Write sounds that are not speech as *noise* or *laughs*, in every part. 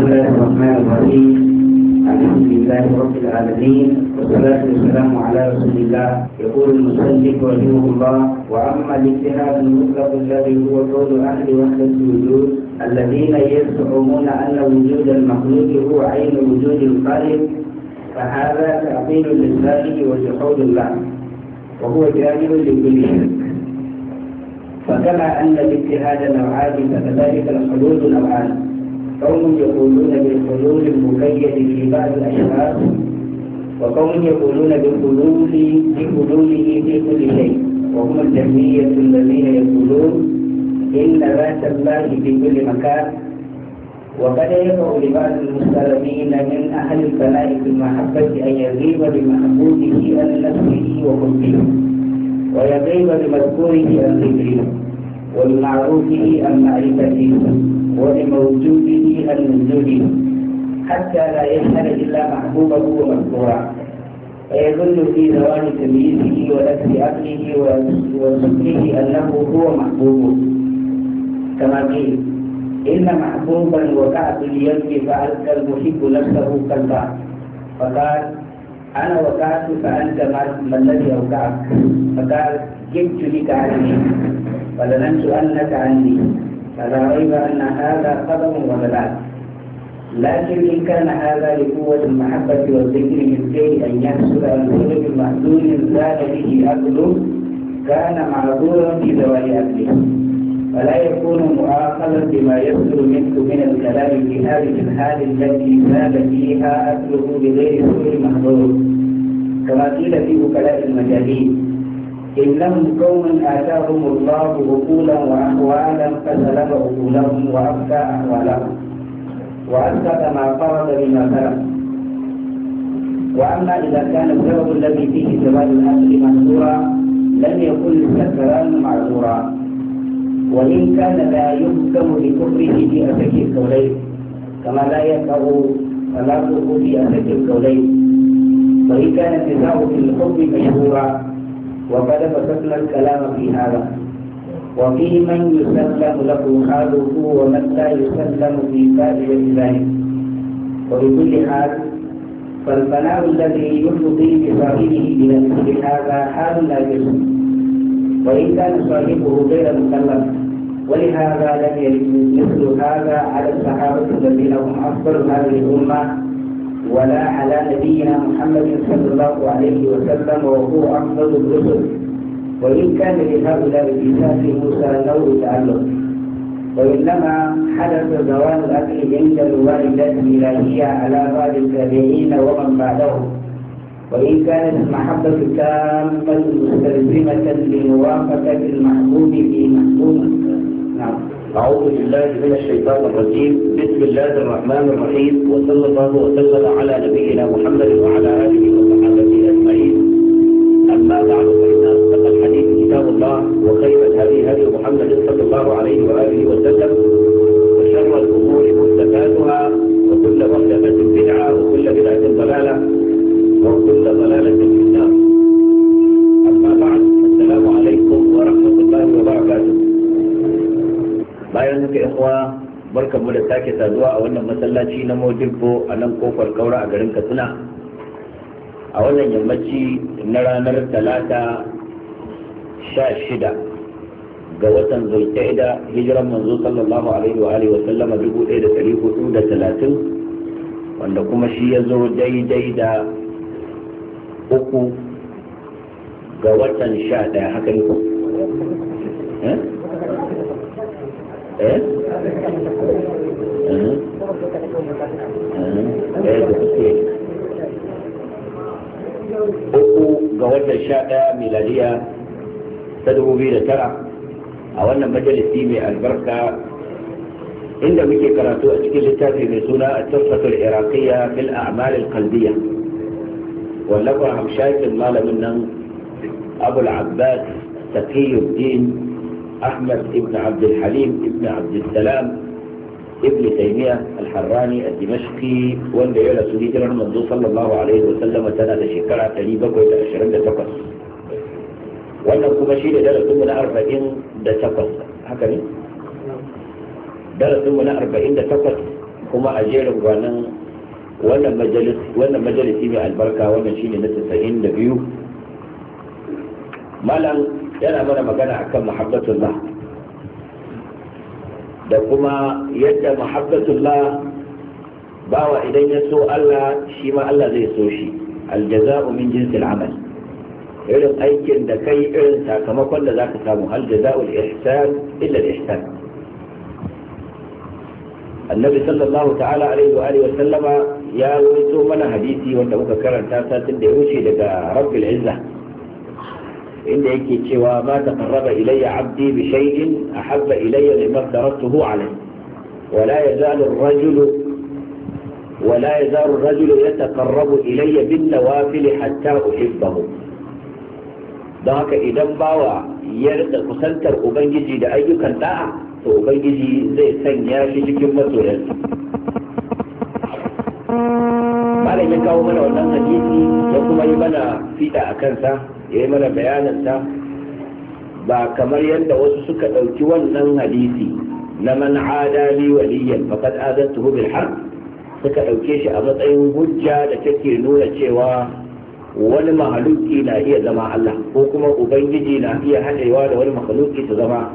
الله الرحمن الرحيم الحمد لله رب العالمين والصلاة والسلام على رسول الله يقول المسلك رحمه الله وأما الاجتهاد المطلق الذي هو قول أهل وحدة الوجود الذين يزعمون أن وجود المخلوق هو عين وجود الخالق فهذا تعطيل لله وجحود له وهو جانب لكل شرك فكما أن الاجتهاد نوعان فكذلك الحدود نوعان قوم يقولون بالحلول المكيد في بعض الأشخاص وقوم يقولون بحلول بحلوله في كل شيء وهم الجهمية الذين يقولون إن بأس الله في كل مكان وقد يقع لبعض المسلمين من أهل الفناء في المحبة أن يغيب بمحبوبه عن نفسه وحبه ويغيب بمذكوره عن ذكره وبمعروفه عن معرفته ولموجوده الموجود حتى لا يشهد إلا محبوبه ومذكوره فيظن في زوال تمييزه ونفس عقله وذكره أنه هو محبوب كما قيل إن محبوبا وكعب اليد فألقى المحب نفسه كالبعض فقال أنا وقعت فأنت ما الذي أوقعك فقال جئت لك عني فظننت أنك عني فلا ريب أن هذا قدم وبلاغ لكن إن كان هذا لقوة المحبة والذكر من كي أن يحصل عن سبب محدود زاد به عقله كان معذورا في زوال أكله فلا يكون معاقبا بما يصدر منه من الكلام في هذه الحال التي زاد فيها أكله بغير سوء محظور كما قيل في وكلاء المجاهيل إنهم قوم آتاهم الله عقولا وأحوالا فسلب عقولهم وأبكى أحوالهم وأسقط ما فرض بما سلف وأما إذا كان السبب الذي فيه جواز الأكل محظورا لم يكن السكران معذورا وإن كان لا يحكم لكفره في أسك الكولين كما لا يقع صلاته في أسك الكولين وإن كان النزاع في الحكم مشهورا وقد فصلنا الكلام في هذا وفي من يسلم له حاله ومن لا يسلم في فائدة ذلك وبكل حال فالفناء الذي يفضي بصاحبه من مثل هذا حال لا يجوز وإن كان صاحبه غير مكلف ولهذا لم يرد مثل هذا على الصحابة الذين هم أفضل هذه الأمة ولا على نبينا محمد صلى الله عليه وسلم وهو أفضل الرسل وإن كان لهؤلاء في موسى نور تعلق وإنما حدث زوال الأكل عند الوالدات الإلهية على بعض التابعين ومن بعدهم وإن كانت المحبة تامه مستلزمة لموافقة المحبوب في محبوبه أعوذ بالله من الشيطان الرجيم بسم الله الرحمن الرحيم وصلى الله وسلم على نبينا محمد وعلى آله وصحبه أجمعين أما بعد فإن أصدق الحديث كتاب الله وخير الهدي هدي محمد صلى الله عليه وآله وسلم وشر الأمور محدثاتها وكل محدثة بدعة وكل بدعة ضلالة وكل ضلالة في النار أما بعد السلام عليكم ورحمة الله وبركاته bayan muka yan uwa barkamu da sake saduwa a wannan masallaci na Modibbo a nan kofar Kaura a garin Katsina a wannan yammaci na ranar talata sha shida ga watan zulkaida hijiran manzo sallallahu alaihi wa alihi wa sallama dubu da ɗari hudu da talatin wanda kuma shi ya zo daidai da uku ga watan sha daya haka ne eh? ايه اها ايه ده كتير uku ga watan sha ɗaya miladiya ta dubu biyu da tara a wannan majalisi mai albarka inda muke karatu a cikin littafi mai suna a tafatul iraqiyya fil a'mal al qalbiyya wallafa hamshakin malamin nan abul abbas taqiyuddin أحمد بن عبد الحليم بن عبد السلام ابن تيمية الحراني الدمشقي والبيولة سديد رحمد صلى الله عليه وسلم تنادى شكرا تليبا كويتا أشرم لتقص وأن القمشين دلت من أربعين لتقص هكذا دلت من أربعين لتقص كما أجير وانا وانا مجلس وانا مجلس ابن البركة وانا شيني نتسعين نبيو مالا yana mana magana akan muhabbatullah da kuma yadda muhabbatullah bawa idan ya so Allah shi ma Allah zai so shi aljaza'u min jinsil amal irin aikin da kai irin sakamakon da zaka samu hal jaza'ul ihsan illa al-ihsan annabi sallallahu ta'ala alaihi wa alihi wa sallama ya wuce mana hadisi wanda muka karanta satin da ya wuce daga rabbil izza inda yake cewa ma taqarraba ilayya 'abdi bi shay'in ahabba ilayya mimma taraktuhu alayhi wa la yazalu ar-rajulu wa la yazalu ar-rajulu yataqarrabu ilayya bin nawafil hatta uhibbahu don haka idan bawa ya rika kusantar ubangiji da ayyukan da'a to ubangiji zai sanya shi cikin masoyansa malam ya kawo mana wannan kuma yi mana fida a kansa ya yi mana bayananta ba kamar yadda wasu suka ɗauki wannan hadisi na man adali waliyan faqad azatuhu bil harb suka ɗauke shi a matsayin hujja da take nuna cewa wani mahaluki na iya zama Allah ko kuma ubangiji na iya haɗewa da wani mahaluki su zama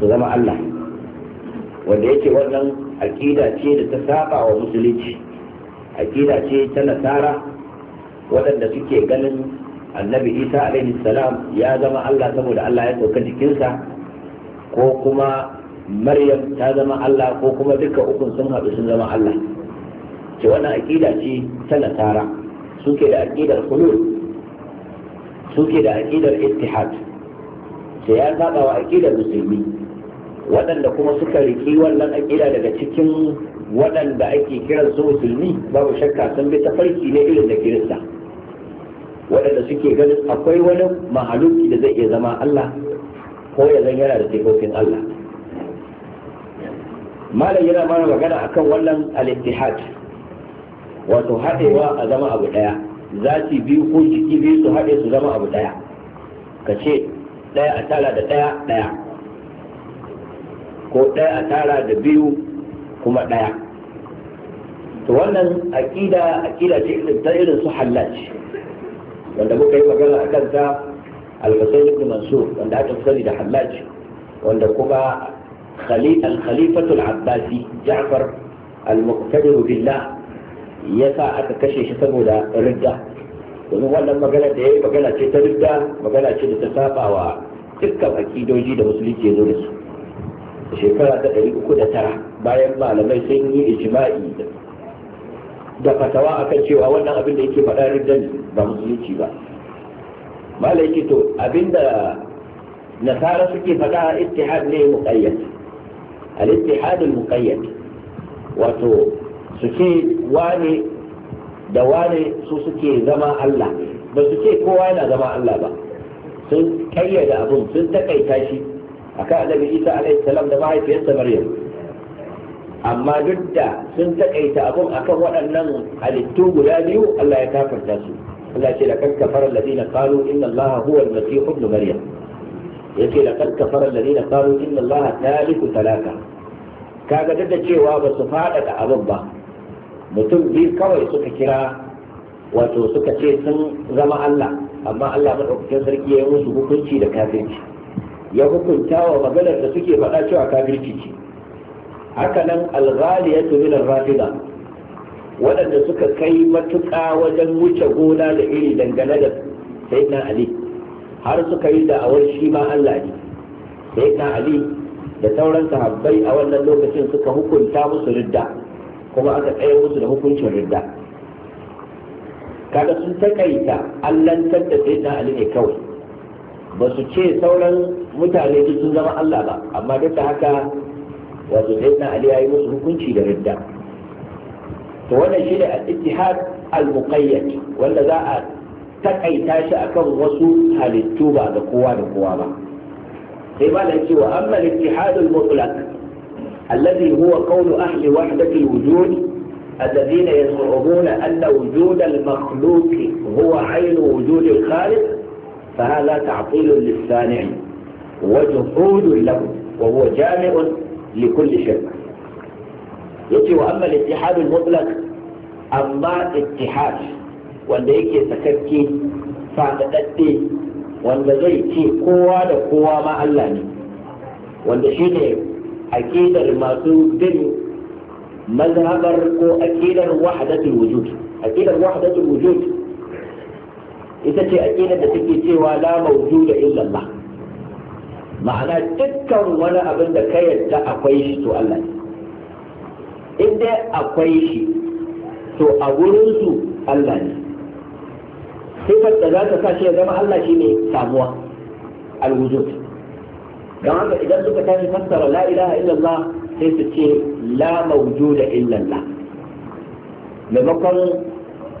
su zama Allah wanda yake wannan aqida ce da ta saba wa musulunci aƙida ce ta nasara waɗanda suke ganin annabi isa alaihi salam ya zama allah saboda allah ya sauka jikinsa ko kuma maryam ta zama allah ko kuma duka ukun sun haɗu sun zama allah ce wani aƙida ce ta nasara suke da aƙidar hulul suke da aƙidar ittihad sai ya saba wa aƙidar musulmi waɗanda kuma suka riki wannan aƙida daga cikin waɗanda ake kiran su musulmi babu shakka sun bi tafarki ne irin da kirista waɗanda suke ganin akwai wani mahaluki da zai iya zama Allah ko ya zan yana da sifofin Allah malam yana mana magana akan wannan al-ittihad wato haɗewa a zama abu ɗaya zati biyu ko jiki biyu su haɗe su zama abu ɗaya ka ce ɗaya a tara da ɗaya ɗaya ko ɗaya a tara da biyu kuma ɗaya to wannan aƙida aƙida ce ta irin su hallaci wanda muka yi magana a kanta al ibn mansur wanda aka sani da hallaj wanda kuma al-khalifatul abbasi ja'far al-muqtadir billah yasa aka kashe shi saboda ridda domin wannan magana da yayi magana ce ta ridda magana ce da ta saba wa dukkan akidoji da musulunci ya zo da su shekara ta 309 bayan malamai sun yi ijma'i da fatawa akan cewa wannan abin da yake faɗa riddani ba musulunci ba malai yake to abinda nasara suke faɗa ittihad ne muqayyad al ittihad al muqayyad wato su ce wane da wane su suke zama Allah ba su ce kowa yana zama Allah ba sun kayyada abun sun takaita shi akan annabi Isa alaihi salam da mahaifiyarsa Maryam amma duk da sun takaita abun akan waɗannan halittu guda biyu Allah ya kafarta su Allah ce laqad kafara alladhina qalu inna Allah huwa al-masih ibn maryam yace laqad kafara alladhina qalu inna Allah thalithu talaka. kaga duk da cewa ba su fada da abun ba mutum biyu kawai suka kira wato suka ce sun zama Allah amma Allah madaukakin sarki ya yi musu hukunci da kafirci ya hukunta wa maganar da suke faɗa cewa kafirci ce hakanan nan alghaliyatu min ar-rafida waɗanda suka kai matuƙa wajen wuce gona da iri dangane da sayyidina ali har suka yi da shi ma Allah ne sayyidina ali da sauran sahabbai a wannan lokacin suka hukunta musu ridda kuma aka tsaye musu da hukuncin ridda kaga sun takaita allantar da sayyidina ali ne kawai ba su ce sauran mutane sun zama Allah ba amma duk da haka wato sai na ali yayi musu hukunci da ridda to wannan shine al-ittihad al-muqayyad wanda za a takaita shi akan wasu halittu ba ga kowa da kowa ba sai ba da cewa amma al-ittihad al-mutlaq alladhi huwa qawlu ahli wahdati al-wujud الذين يزعمون أن وجود المخلوق هو عين وجود الخالق فهذا تعطيل للصانع وجحود له وهو جامع li kulli shirk yace wa amma al-ittihad al-mutlaq amma ittihad wanda yake sakakke fadadadde wanda zai ce kowa da kowa ma Allah ne wanda shi shine aqidar masu bin mazhabar ko aqidar wahdatul wujud aqidar wahdatul wujud ita ce aqidar da take cewa la mawjuda illa Allah ma'ana dukkan wani abin da ka yadda akwai shi to Allah ne in dai akwai shi to a su Allah ne sifar da za ta sa shi ya zama Allah shi ne samuwa alwujud don haka idan suka tashi fassara la ilaha illallah sai su ce la mawjuda illallah maimakon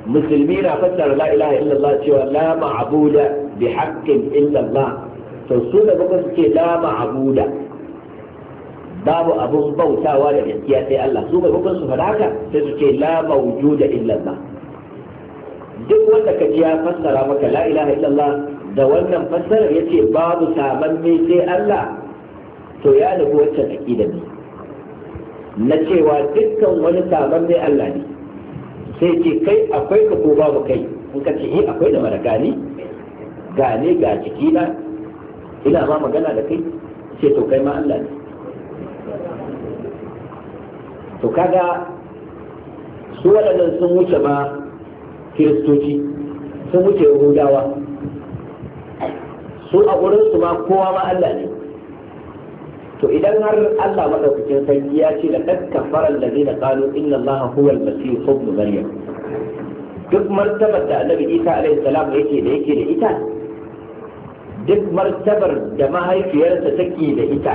musulmi na fassara la ilaha illallah cewa la ma'buda bi haqqin illallah to su da bakwai su ce la ma'abuda babu abun bautawa da gaskiya sai Allah su bai kuma su fara haka sai su ce la mawjuda illa Allah duk wanda kaji ya fassara maka la ilaha illallah da wannan fassarar yace babu mai sai Allah to ya nufi wacce da ni. na cewa dukkan wani mai Allah ne sai ce kai akwai ka ko babu kai in ka ce eh akwai da maraka ne gane ga cikina ina ba magana da kai ce to kai ma Allah ne to kaga su waɗannan sun wuce ma kiristoci sun wuce yahudawa su a wurin su ma kowa ma Allah ne to idan har Allah madaukakin sarki ya ce da laqad kafara allazina qalu inna allaha huwa al-masih ibn maryam duk martabar da annabi Isa alaihi salam yake da yake da ita duk martabar da mahaifiyarsa take da ita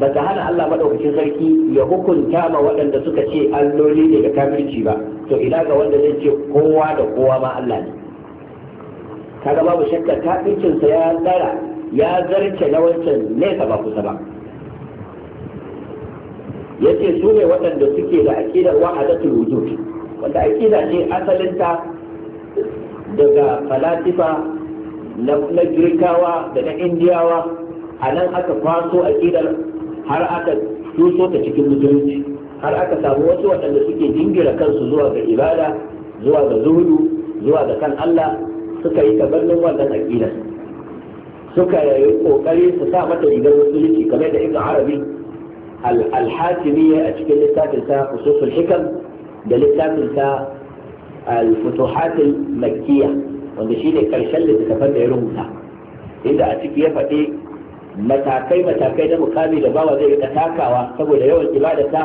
ba ta hana Allah maɗaukacin sarki ya hukunta ma waɗanda suka ce alloli ne da kafirci ba to ina ga wanda zai ce kowa da kowa ma Allah ne kaga babu shakka kafircinsa ya tsara ya zarce na wancan nesa ba kusa ba yace su ne waɗanda suke da aƙidar wahadatul wujud wanda aƙida ce asalinta daga falatifa. na girkawa da na indiyawa a nan aka kwaso aƙidar har aka tuso ta cikin musulunci har aka samu wasu waɗanda suke jingira kansu zuwa ga ibada zuwa ga zuhudu zuwa ga kan Allah suka yi wannan aƙida suka yi kokari su sa mata rigar musulunci kamar da ibn arabi al-hatimi a cikin littafin sa ususul hikam da littafin sa al makkiyah wanda shi ne karshen littattafan da ya rubuta inda a ciki ya faɗi matakai matakai na mukami da bawa zai rika takawa saboda yawan ibadata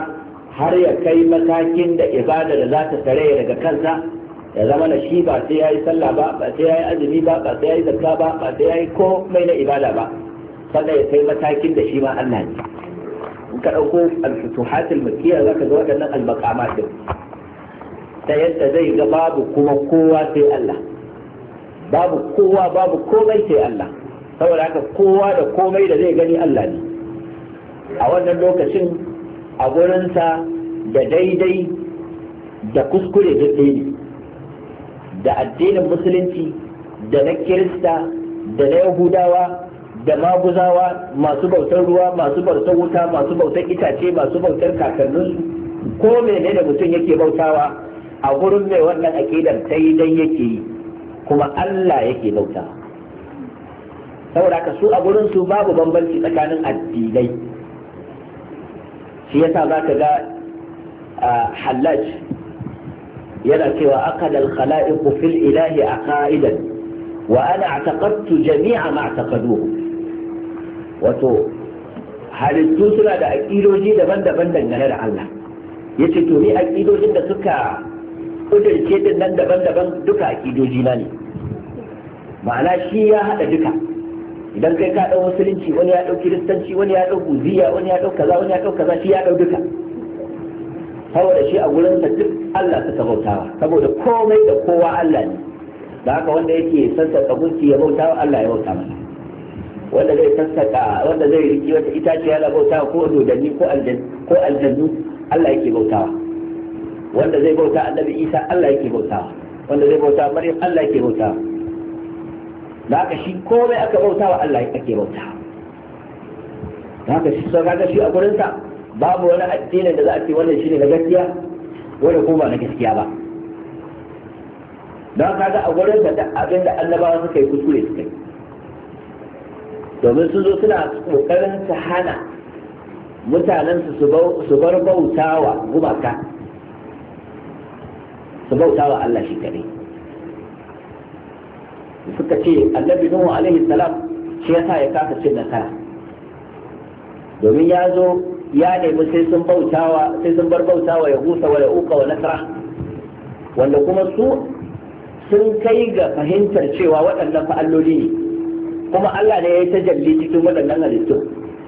har ya kai matakin da ibada da za ta tare daga kansa ya zama na shi ba sai ya yi sallah ba ba sai ya yi azumi ba ba sai ya yi zakka ba ba sai ya yi komai na ibada ba sannan ya kai matakin da shi ma Allah ne in ka ɗauko al-futuhat makkiyya zaka ga waɗannan al-maqamat din ta yadda zai ga babu kuma kowa sai Allah babu kowa babu komai sai Allah saboda haka kowa da komai da zai gani Allah ne a wannan lokacin a gurinsa da daidai da kuskure duk ne da addinin musulunci da na kirista da na yahudawa da maguzawa masu bautar ruwa masu bautar wuta masu bautar itace masu bautar kakanninsu ko menene mutum yake bautawa a gurin mai wannan aƙidar dan yake yi kuma Allah yake bauta saboda ka su a gurin su babu bambanci tsakanin addinai shi yasa za ka ga hallaj yana cewa aqadal khala'iqu fil ilahi ka'idan. wa ana a'taqadtu jami'a ma a'taqaduhu wato halittu suna da aƙidoji daban-daban dangane da Allah yace to ni aƙidojin da suka kudirce din nan daban-daban duka a akidoji na ne ma'ana shi ya haɗa duka idan kai ka ɗau musulunci wani ya ɗau kiristanci wani ya ɗau guziya wani ya ɗau kaza wani ya ɗau kaza shi ya ɗau duka saboda shi a gurinsa duk Allah suka bautawa saboda komai da kowa Allah ne da haka wanda yake sassaka gunki ya bautawa Allah ya bauta masa wanda zai sassaka wanda zai riki wata itaciya ya bautawa ko dodanni ko aljannu Allah yake bautawa wanda zai bauta annabi isa Allah yake bauta wanda zai bauta maryam Allah yake bauta da haka shi komai aka bauta wa Allah yake bauta da haka shi sun kaga shi a gurinsa babu wani addinin da za a ce wannan shine na gaskiya wanda ko ba na gaskiya ba don kaga a gurinsa da abin da annabawa suka yi kuskure suka yi domin sun zo suna kokarin su hana mutanensu su bar bautawa gumaka su bauta wa Allah shi kaɗai, suka ce annabi nuhu alaihi salam shi yasa ya kasa cin nasara domin ya zo ya nemi sai sun bautawa sai sun bar bautawa ya gusa wa ya uka wa nasara wanda kuma su sun kai ga fahimtar cewa waɗannan fa'alloli ne kuma Allah ne ya yi jalli cikin waɗannan halittu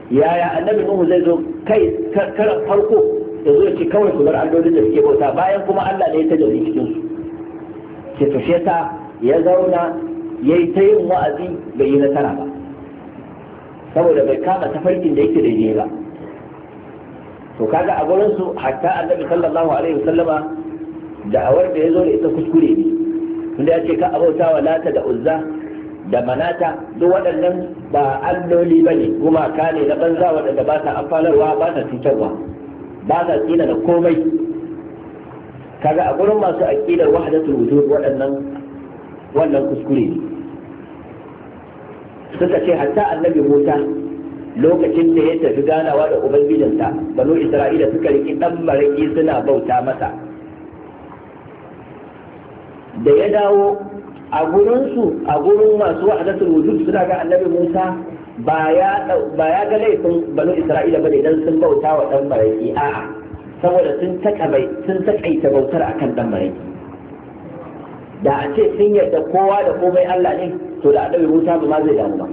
yaya annabi nuhu zai zo kai karan farko da zo ce kawai su bar allolin da suke bauta bayan kuma Allah ne ya tajalli cikin su ke to ya zauna yayi ta yin wa'azi bai yi nasara ba saboda bai kama tafarkin da yake daidai ba to kaga a gurin su hatta annabi sallallahu alaihi wasallama da'awar da ya zo da ita kuskure ne tunda ya ce ka abauta wa lata da uzza da manata duk waɗannan ba alloli ba ne gumaka ne na banza waɗanda ba ta amfanarwa ba ta cutarwa ba za tsina da komai kaga a gurin masu aqidar wahdatul wujud waɗannan wannan kuskure ne suka ce hatta annabi Musa lokacin da ya tafi ganawa da ubangijinsa banu isra'ila suka riki dan mariki suna bauta masa da ya dawo a su a gurin masu wa'adatul wujud suna ga annabi Musa ba ya ga laifin banu isra'ila bane idan sun bauta wa dan maraki a'a saboda sun bai sun takaita bautar akan dan maraki da a ce sun yarda kowa da komai Allah ne to da annabi Musa ba ma zai damu ba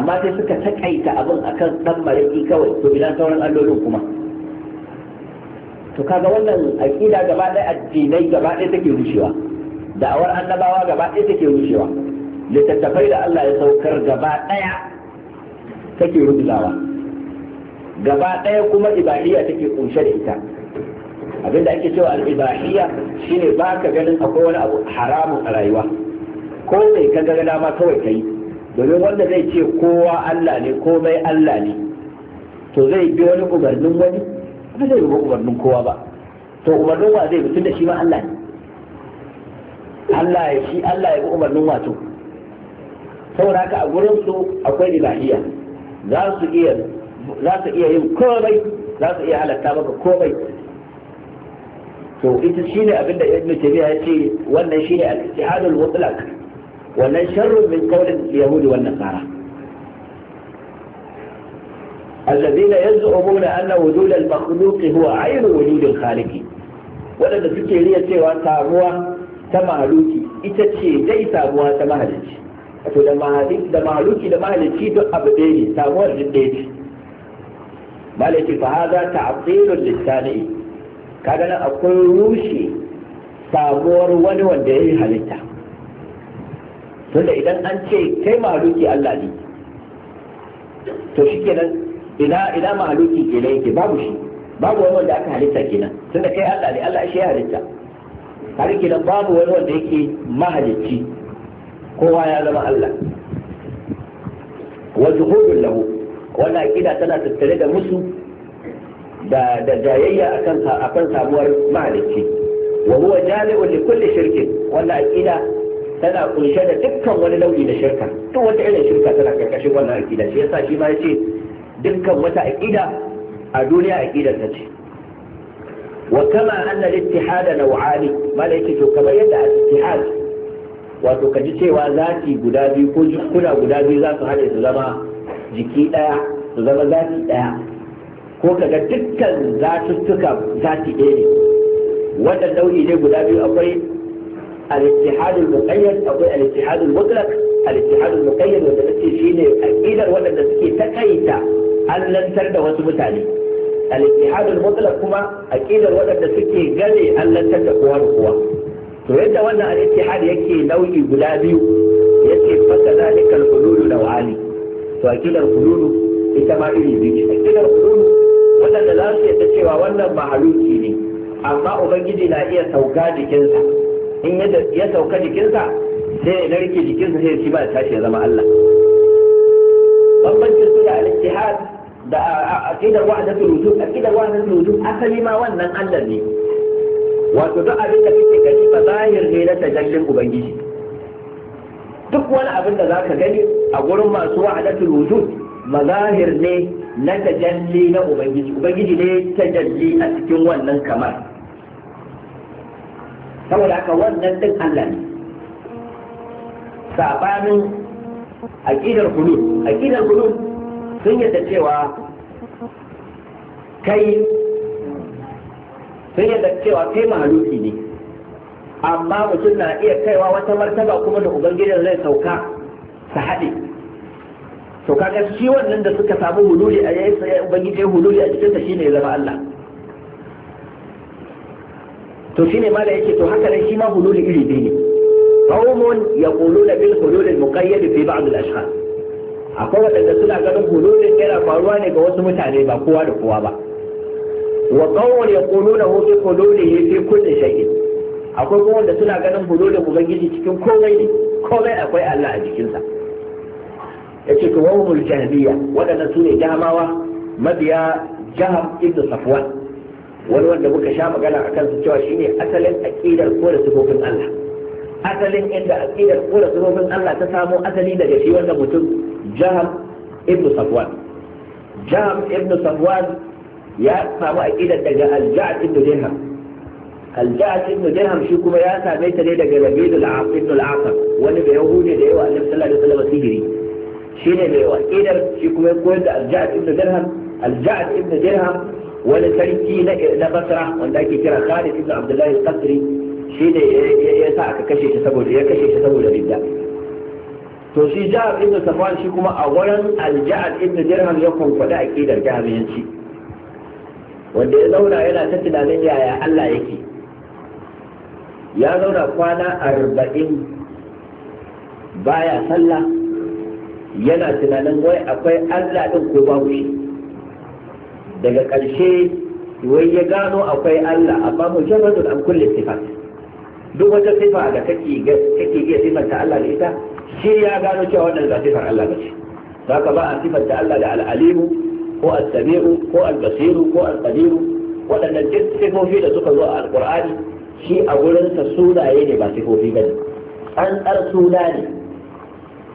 amma sai suka takaita abin akan dan maraki kawai to bilan sauran allolin kuma to kaga wannan aqida gaba ɗaya addinai gaba ɗaya take rushewa da'awar annabawa gaba ɗaya take rushewa littattafai da Allah ya saukar gaba ɗaya take rubuzawa gaba ɗaya kuma ibahiyya take kunshe da ita abinda ake cewa al'ibahiyya shine ba ka ganin akwai wani abu haramun a rayuwa ko mai ka ga dama kawai ka yi domin wanda zai ce kowa Allah ne komai Allah ne to zai bi wani umarnin wani ba zai bi umarnin kowa ba to umarnin wa zai mutum da shi ma Allah ne Allah ya shi Allah ya bi umarnin wato saboda haka a gurin su akwai ibahiyya za su iya za su iya yin komai za su iya halatta maka komai to ita shine abin da ibnu tabi'a ya ce wannan shine al-ittihadul mutlaq wannan sharrun min qawlin yahudi wan nasara الذين يزعمون أن وجود المخلوق هو عين وجود الخالق waɗanda suke riya cewa samuwa ta mahaluki ita ce dai samuwa ta mahalicci to da mahalik da mahaluki da mahalici duk abu ɗaya ne samuwar duk ɗaya ce malaki fa haza ta'tilul lisani kaga nan akwai rushe samuwar wani wanda yayi halitta tunda idan an ce kai mahaluki Allah ne to shikenan ina ina mahaluki kenan yake babu shi babu wani wanda aka halitta kenan tunda kai Allah ne Allah shi ya halitta har kenan babu wani wanda yake mahalicci kowa ya zama Allah wa zuhudun lahu wannan aqida tana tattare da musu da da jayayya akan akan samuwar mahalicci wa huwa jami'un li kulli shirkin wannan aqida tana kunshe da dukkan wani nau'i da shirka duk wata irin shirka tana karkashin wannan aqida shi yasa shi ma yace dukkan wata aqida a duniya aqidar ta ce wa kama anna al-ittihad naw'ani malaka to kamar yadda al-ittihad wato ka ji cewa zati guda biyu ko jikuna guda biyu za su haɗe su zama jiki ɗaya su zama zati ɗaya ko kaga dukkan zatuttuka zati ɗaya ne wannan nau'i ne guda biyu akwai al-ittihad al-muqayyad akwai al-ittihad al-mutlaq al-ittihad al-muqayyad wanda nake shine aqidar waɗanda suke takaita allantar da wasu mutane al-ittihad al-mutlaq kuma aqidar waɗanda suke gane allantar da kowa da kowa to yadda wannan al-ittihad yake nau'i guda biyu yake faka zalika al-hululu naw'ani to akidar hululu ita ma iri biyu a akidar hululu wadanda za su yadda cewa wannan mahaluki ne amma ubangiji na iya sauka jikinsa in ya sauka jikinsa sai ya narke jikinsa sai shi ba tashi ya zama Allah bambancin su da al-ittihad da akidar wahdatul wujud akidar wahdatul wujud asali ma wannan Allah ne wato duk abin da mazahir ne na tajallin ubangiji duk wani abin da zaka gani a gurin masu wa'adatul wujud mazahir ne na tajalli na ubangiji ubangiji ne tajalli a cikin wannan kamar saboda haka wannan din Allah ne sabanin aqidar hulul aqidar hulul sun yadda cewa kai sun yadda cewa kai mahaluki ne amma mutum na iya kaiwa wata martaba kuma da ubangijin zai sauka ta haɗe to kaga shi wannan da suka samu hululi a yayin sai ubangiji hululi a cikin ta shine ya zama Allah to shine ma da yake to haka ne shi ma hululi iri biyu ne qaumun yaquluna bil hulul al muqayyad fi ba'd al ashkhas akwai wadanda suna ganin hululin yana faruwa ne ga wasu mutane ba kowa da kowa ba wa qaumun yaquluna hu fi hululihi fi kulli shay'in akwai kuma wanda suna ganin hudu hululin ubangiji cikin komai ne komai akwai Allah a jikinsa ya ce kuma wahumul jahmiya waɗannan su ne jahamawa mabiya jaham ibn safwan wani wanda muka sha magana a kansu cewa shine asalin aqidar ko da sifofin Allah asalin inda aqidar ko da sifofin Allah ta samo asali daga shi wanda mutum jaham ibn safwan jaham ibn safwan ya samu aqidar daga al-ja'd ibn dirham الجعد ابن درهم شي كما يا سامي تا ne daga Rabiul Ibn al-Aqab wani da Yahudi da yawa Annabi sallallahu alaihi wasallam sihiri shine mai waqidar shi kuma ya koyar da al-Ja'd ibn wani sarki na Basra wanda ake kira Khalid ibn Abdullah al-Qasri shine ya sa aka kashe shi saboda to shi jihar ibn Safwan shi kuma a wurin al-Ja'd ibn Dirham ya kunkwada aqidar jahiliyanci wanda ya zauna yana ta tunanin yaya Allah yake ya zauna kwana arba'in baya sallah yana tunanin wai akwai allah ɗin ko babu shi daga ƙarshe wai ya gano akwai allah amma mujarradun an kulle sifat duk wata sifa da kake iya sifanta allah da ita shi ya gano cewa wannan ba sifar allah ba ce haka ba a sifanta allah da al'alimu ko al-sami'u ko al-basiru ko al-qadiru waɗannan duk sifofi da suka zo a al alƙur'ani shi a gurinsa sunaye ne ba sifofi ba ne an tsar suna ne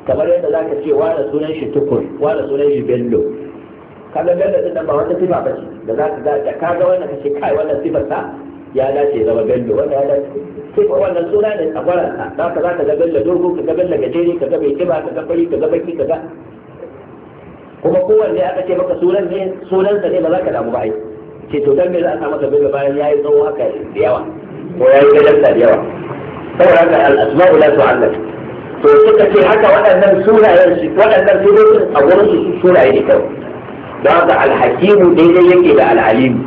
kamar yadda za ka ce wani sunan shi tukur wani sunan shi bello kaga bello din nan ba wata sifa ba ce da za ka da kaga wannan kace kai wannan sifar ta ya dace zama bello wanda ya dace sifa wannan suna ne a gwaran sa za ka za ka ga bello dogo ka ga bello gajeri, ka ga mai kiba ka ga fari ka ga baki ka ga kuma kowanne aka ce maka sunan ne sunansa ne ba za ka damu ba ai ce to dan me za a sa masa bello bayan yayi tsawo haka da yawa ko ya yi gajarta da yawa saboda haka al'asma'u la tu'allam to suka ce haka waɗannan sunayen su waɗannan sunayen a gurin su sunaye ne kawai da haka alhakimu daidai yake da al'alimu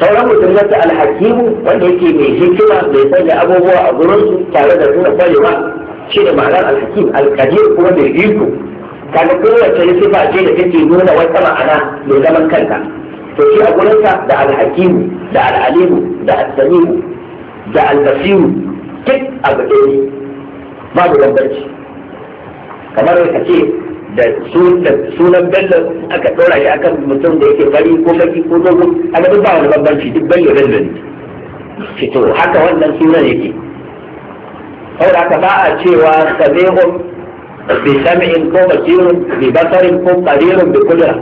sauran mutum ta alhakimu wanda yake mai hikima mai sanya abubuwa a gurin su tare da nuna kwarewa shi da ma'anar alhakim alkadir kuma mai iko kaga kowace sifa ce da take nuna wata ma'ana mai zaman kanta to shi a gurinsa da alhakimu da al'alimu da al-sami'u da albasiru basiru duk abu ɗaya ne babu bambanci kamar ka ce da sunan bello aka ɗora shi akan mutum da yake fari ko baki ko dogo a duk ba wani bambanci duk bello bello ne haka wannan sunan yake saboda haka ba a cewa samihun bi sam'in ko basirin bi basarin ko qadirin bi kudura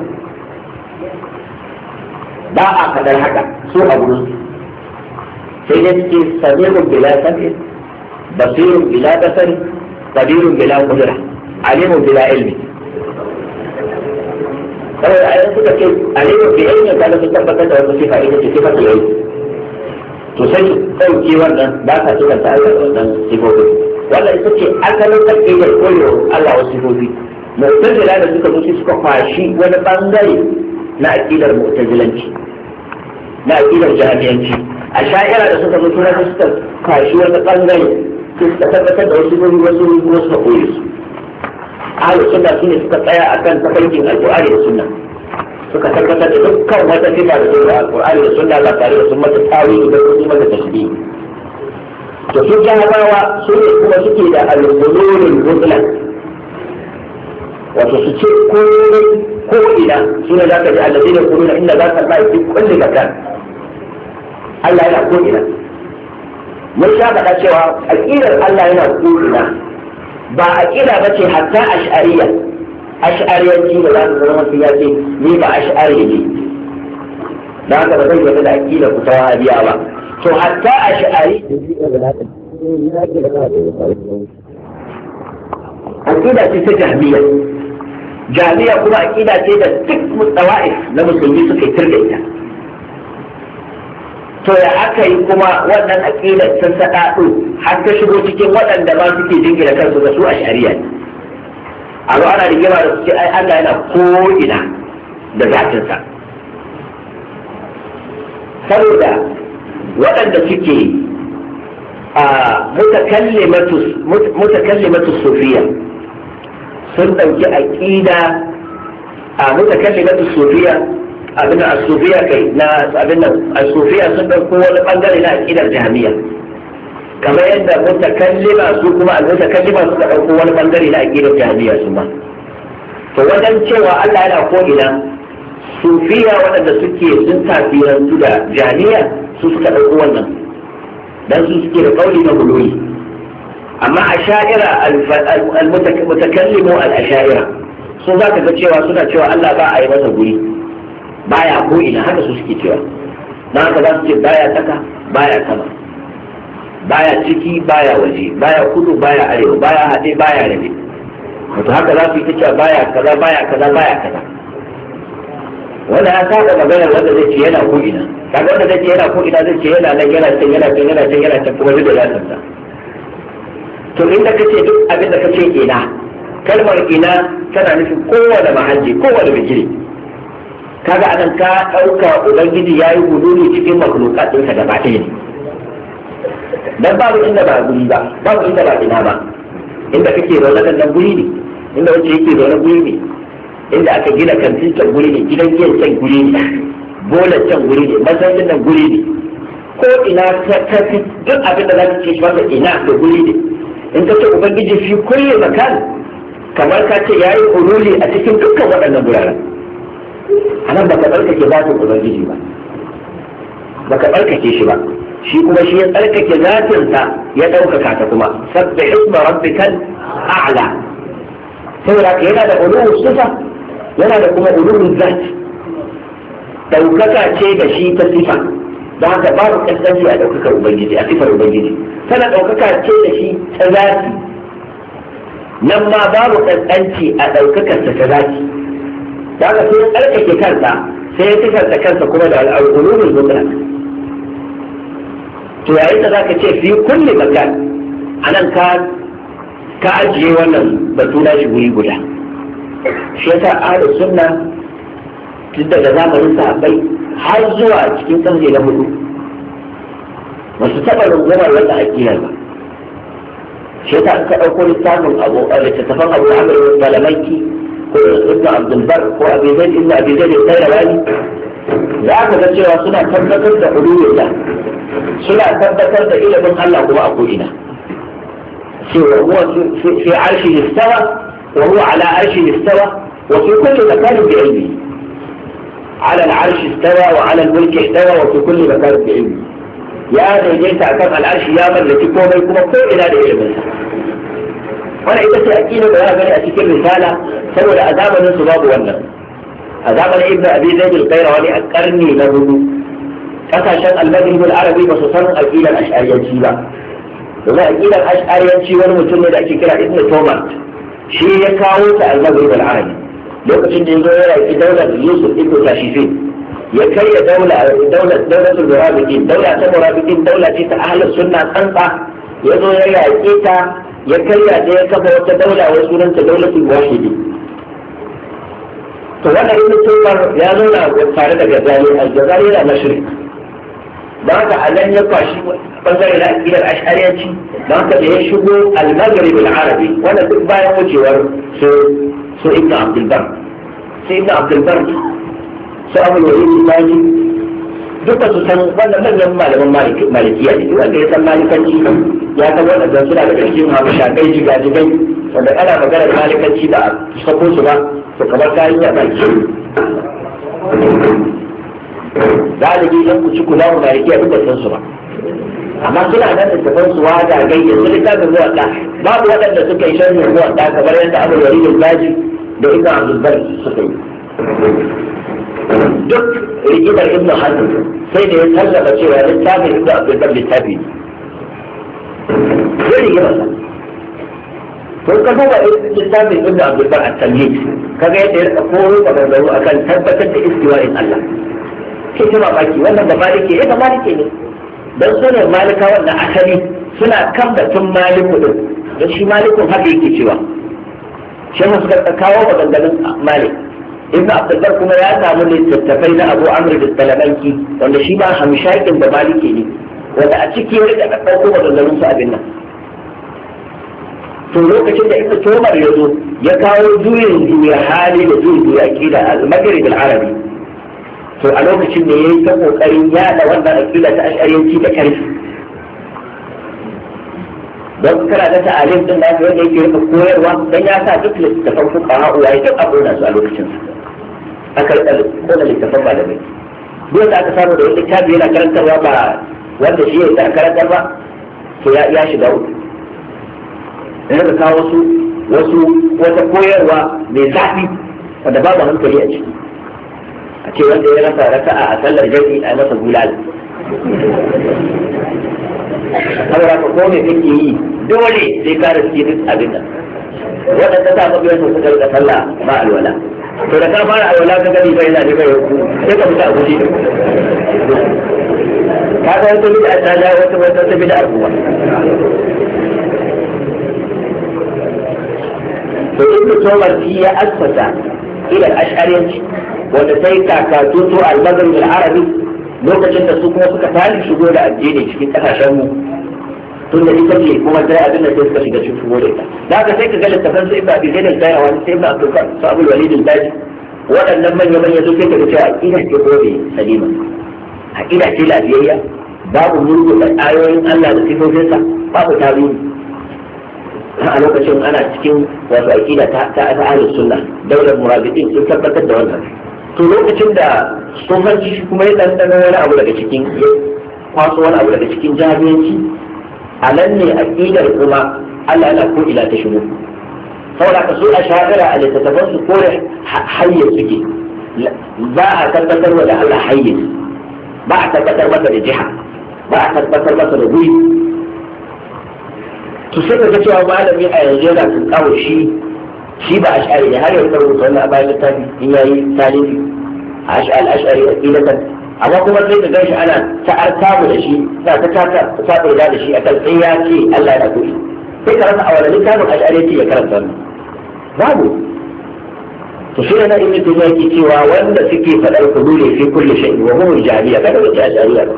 ba a kadar haka su a gurin sai dai suke samirun bila sami basirun bila basari qadirun bila kudura alimun bila ilmi saboda a yanzu suka ce alimun bila ilmi ta sun tabbatar da wasu sifa ita ce sifa ta yau to sai ɗauke wannan ba ka suka ta ayyukan wannan sifofin wannan ita ce asalin da koyo Allah wasu sifofi mutum da suka mutu suka kwashi wani bangare na aƙidar mu'tazilanci na aƙidar jami'anci a sha'ira da suka mutu na suka kashi wata ɓangare suka tabbatar da wasu gobe wasu kuma suka koye su ahalu sunna su ne suka tsaya a kan tafarkin alƙur'ani da sunna suka tabbatar da dukkan wata fita da zuwa alƙur'ani da sunna ba tare da sun mata tawili ba sun mata tashbihi to su jahabawa su ne kuma suke da al-ghulul wato su ce ko ina su ne za ka ji allazi da kuma inda za ka ba'i duk kulli makan Allah yana ko ina mun sha faɗa cewa aƙidar Allah yana ko ina ba aƙida ba ce hatta ash'ariya ash'ariyanci da za ka zama mafi ya ce ni ba ash'ari ne da haka ba zai yarda da aƙida ku ta wahabiya ba to hatta ash'ari aƙida ce ta jahmiya jami'a kuma aƙida ce da duk mutawa'if na musulmi suke tirda ita to ya aka yi kuma wannan aqida ta sadadu har ta shigo cikin waɗanda ba suke jingina kansu ga su a shari'a a zo ana rigima da suke ce ai Allah yana ko da zatinsa saboda waɗanda suke a mutakallimatu mutakallimatu sufiyya sun ɗauki aƙida a mutakallimatu sufiya abin da sufiya kai na abin nan sufiya sun ɗauko wani bangare na aƙidar jami'a kamar yadda mutakallima su kuma al-mutakallima suka ɗauko wani bangare na aƙidar jami'a su ma to wajen cewa Allah yana ko ina sufiya waɗanda suke sun tafirantu da jami'a su suka ɗauko wannan dan su suke da kauli na buloyi. amma asha'ira al-mutakallimu al-asha'ira sun za ka ga cewa suna cewa Allah ba a yi masa guri baya ko ina haka su suke cewa dan haka za su ce baya taka baya sama baya ciki baya waje baya kudu baya arewa baya haɗe baya rabe wato haka za su yi cewa baya kaza baya kaza baya kaza wanda ya saba magana wanda zai ce yana ko ina kaga wanda zai ce yana ko ina zai ce yana nan yana can yana can yana can yana can kuma zai da lasanta to inda kace duk abinda kace ina kalmar ina tana nufin kowane mahalli kowane bigire kaga anan ka ɗauka ubangiji ya yi huduri cikin makhlukat ka gaba ɗaya ne dan babu inda ba guri ba babu inda ba ina ba inda kake zaune kan nan guri ne inda wacce yake zaune guri ne inda aka gina kanti can guri ne gidan giyan can guri ne bolan can guri ne masallacin nan guri ne ko ina ta fi duk abin da za ka ce shi ina da guri ne in ka ce ubangiji fi kulli makan kamar ka ce yayi ululi a cikin dukkan waɗannan guraren anan baka tsarkake zatin ubangiji ba baka tsarkake shi ba shi kuma shi ya tsarkake zatinsa ya ɗaukaka ta kuma sabbi isma rabbikal a'la saboda ka yana da ulul sifa yana da kuma ulul zat ɗaukaka ce da shi ta sifa da haka babu kasance a ɗaukakar ubangiji a sifar ubangiji tana ɗaukaka ce da shi ta zafi nan ma babu ƙanƙanci a ɗaukakarsa ta zafi da haka sai ya tsarkake kansa sai ya sifanta kansa kuma da al'ulumul mutlaq to yayin da zaka ce fi kulli makan anan ka ka ajiye wannan batu na shi guda shi yasa ahlu sunna tun daga zamanin sahabbai har zuwa cikin karni na hudu wasu su taɓa rungumar wata aƙidar ba shi ta ka ɗauko littafin abu a da littattafan abu da amir malamanki ko da ibn abdulbar ko inda ibn abizaid tsaye qayrawani za ka ga cewa suna tabbatar da ululillah suna tabbatar da ilimin Allah kuma a ko'ina cewa huwa fi arshi istawa wa huwa ala arshi istawa wa fi kulli makanin bi ilmi على العرش استوى وعلى الملك استوى وفي كل مكان بعلمه ya daidaita akan al'arshi ya mallaki komai kuma ko ina da iliminsa sa wannan ita ce aqida da za gani a cikin risala saboda a zamanin su babu wannan a zamanin ibnu abi zaid al-qayrawani a karni na hudu kasashen al-maghrib al-arabi ba su san aqidar ash'ariyanci ba domin aqidar ash'ariyanci wani mutum ne da ake kira ibnu thomas shi ya kawo ta al-maghrib al-arabi lokacin da ya zo ya yi daular yusuf ibnu tashifin ya karya daula daula daulatul murabiqin daula ta murabiqin daula ce ta ahlus sunna tsantsa ya zo ya yaƙe ta ya karya da ya kafa wata daula wai sunanta daulatul wahidi to wannan ibn tumar ya zauna tare da gazali al-gazali yana mashrik da haka anan ya kwashi bangare na akidar ashariyanci da haka da ya shigo al-maghrib al-arabi wannan duk bayan wucewar su su ibn abdul bar sai ibn abdul bar su abu da yin imani duka su san wannan manyan malaman malikiya ne wanda ya san malikanci ya san waɗanda suna daga cikin hamashakai jigajigai wanda ana maganar malikanci ba a sako su ba su kamar kayan ya baki galibi yan kuci kula mu malikiya duka san su ba amma suna nan littafan su waga gayya su littafin zuwa ɗa babu waɗanda suka yi shan zuwa ɗa kamar yadda abu da yin imani da ita a zubbar suka yi duk rigidar ibn hazm sai da ya tallafa cewa littafin ibn abdul bar littafi ne sai rigidar sa to ka duba littafin ibn abdul bar at-tamhid kaga yadda ya rika koro maganganu akan tabbatar da istiwa'in Allah ke ta mamaki wannan ba malike eh ba malike ne dan su ne malika wannan asali suna kan batun maliku din dan shi malikun haka yake cewa shi suka kawo maganganun malik ibn abdullah kuma ya samu littattafai na abu amr da wanda shi ma hamshakin da maliki ne wanda a ciki ya rika ɗauko maganganun su abin nan to lokacin da ibn tomar ya zo ya kawo juyin juya hali da juyin juya akida da maghrib arabi to a lokacin da yayi ta kokarin yada wannan akida ta ashariyanci da karfi don kana da ta'alim din nasu wanda yake rika koyarwa dan ya sa duk littafan fuqaha uwaye duk a kona su a lokacin su aka rika kona littafan malamai duk da aka samu da wani littafi yana karantarwa ba wanda shi ya karantar ba to ya shiga uku da kawo wasu wasu wata koyarwa mai zafi wanda babu hankali a ciki a ce wanda ya rasa raka'a a sallar jami'a masa gulal saboda ka ko me kake yi dole sai ka riske duk abin nan waɗanda ta mabiyan su suka rika sallah ba alwala to da ka fara alwala ka gani bai na ne bai ku sai ka fita a guje ka ga wata bid'a ta ja wata wata ta bid'a kuma to ibnu tawar shi ya asfata ila al wanda sai kakatu to al-maghrib al-arabi lokacin da su kuma suka fara shigo da addini cikin kasashen mu tun da ita ce kuma dai abin da sai suka shiga cikin shigo da ita da haka sai ka ga littafan su ibn abi zaid al wani sai ibn abdul qadr su walid al-daji waɗannan manya manya su sai ka ga cewa aqida ce gobe salima aqida ce lafiyayya babu murgu da ayoyin Allah da sa babu tarihi a lokacin ana cikin wasu aqida ta ta ahlus sunna daular murabitin sun tabbatar da wannan to lokacin da sun hanci shi kuma ya ɗanɗana wani abu daga cikin kwaso wani abu daga cikin jami'anci a nan ne a aƙidar kuma Allah yana ko ila ta shigo saboda ka so a shagara a littattafan su ko hayye suke ba a tabbatar da Allah hayye ba a tabbatar masa da jiha ba a tabbatar masa da wuri. to sai ka ga cewa malami a yanzu yana sun kawo shi shi ba ash'ari ne har yanzu rubuta wannan a bayan littafi in yayi talibi ash'al ash'ari aqidatan amma kuma sai ka gan shi ana ta'artabu da shi na ta taka ta saba da shi akan sai ya ce Allah ya kuɗi sai ka rasa a wani littafin ash'ari yake ya karanta mu. babu to shi yana ibn tuba yake cewa wanda suke fadar kudure fi kulli shay'in wa hum jahiliya kada wuce ash'ariya ba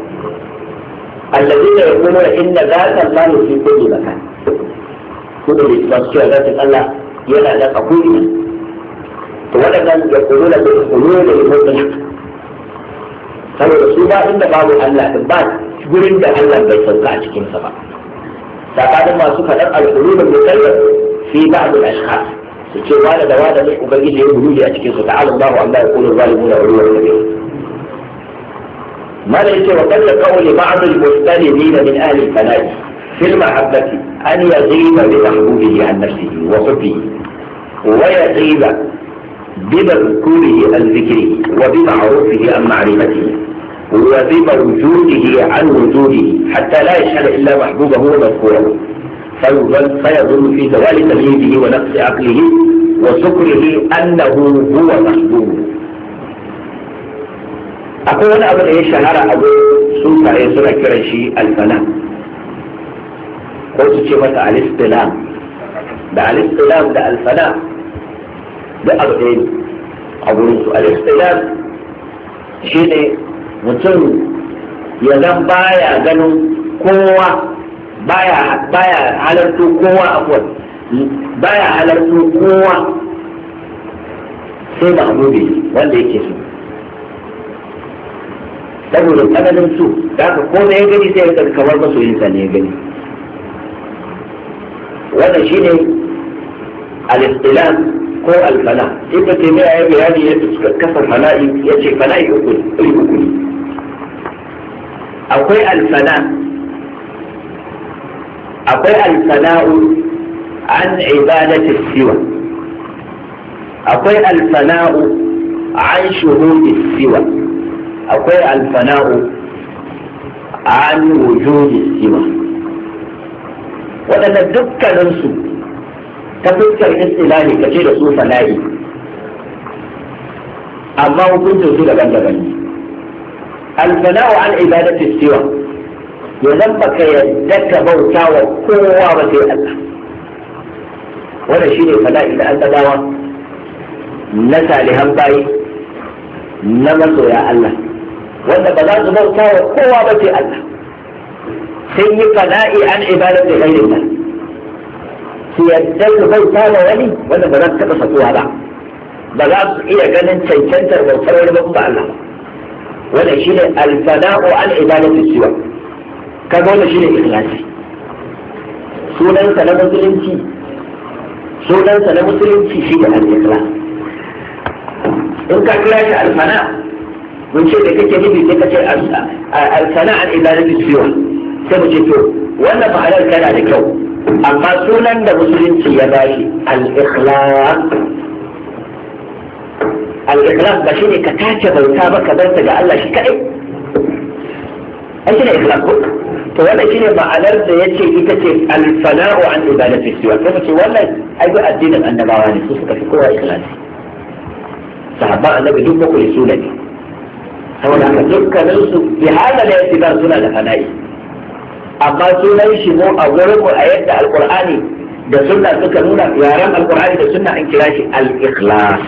الذين يقولون إن ذات الله في كل مكان كل اللي تبصر ذات الله يلا لا تقولنا ولما يقولون بالحلول المطلقة فلو سيدا إن بعض الله تبعد انت إن الله بيتزع تكين سبا فبعد ما سكت الحلول المطلقة في بعض الأشخاص سيكون والا دوالا من أبقيد يقولون يأتكين سبا تعالى الله عما يقول الظالمون علوا كبير ما ليس وقد قول بعض المستندين من أهل الفلاج في المحبة أن يغيب بمحبوبه عن نفسه وحبه ويقيل بمذكوره عن ذكره وبمعروفه عن معرفته وبموجوده عن وجوده حتى لا يشهد إلا محبوبه ومذكوره فيظن في زوال تمييزه ونقص عقله وسكره أنه هو محبوب akwai wani abu da ya shahara abu sun tare suna kiran shi alfana ko su ce mata alistilam da alistilam da alfana da abu ɗaya ne a gurin su al shi shine mutum ya zan baya ganin kowa baya baya halartu kowa akwai baya halartu kowa sai mahmubi wanda yake so saboda tsananin su da aka ko ya gani sai ya kamar masoyinsa ne ya gani wannan shine al-ikhtilaf ko alfana ibn taymiya ya bayani yadda suka kasa fana'i ya ce fana'i uku ne akwai alfana akwai alfana'u an ibadati siwa akwai alfana'u an shuhudi siwa akwai alfana'u an wujudi siwa waɗanda dukkaninsu ta fuskar istilahi ka ce da su sana'i amma hukuncin su daban-daban ne alfana'u an ibadati siwa ya zan baka yadda ka bauta wa kowa ba sai Allah wannan shine fana'i da Allah dawa na salihan bayi na masoya Allah wanda ba za su bauta wa kowa ba sai Allah sun yi fana'i an ibadati ghairillah su yarda su bauta wa wani wanda ba za su taɓa satuwa ba ba za su iya ganin cancantar bautar wani ba Allah wannan shine alfana'u an ibadatu siwa kaga shi ne ikhlasi sunansa na musulunci sunansa na musulunci shi ne al-ikhla in ka kira shi al-fana mun ce da kake nufi sai ka ce al-fana an ibadatu siwa sai mu ce to wannan ma'anar kana da kyau amma sunan da musulunci ya bashi al-ikhlas al-ikhlas ba shine ka tace bauta ba ka barta ga Allah shi kadai ai shine ikhlas ko to wannan shine ma'anar da yace ita ce al-fana'u an ibadati siwa kuma ce wannan ai ga addinin annabawa ne su suka fi kowa ikhlas sahabba annabi duk bakwai sunan ne saboda haka dukkaninsu bi hada da ya suna da fana'i amma sunan shi mu a gurin mu a yadda alqur'ani da sunna suka nuna yaran alqur'ani da sunna an kira shi al-ikhlas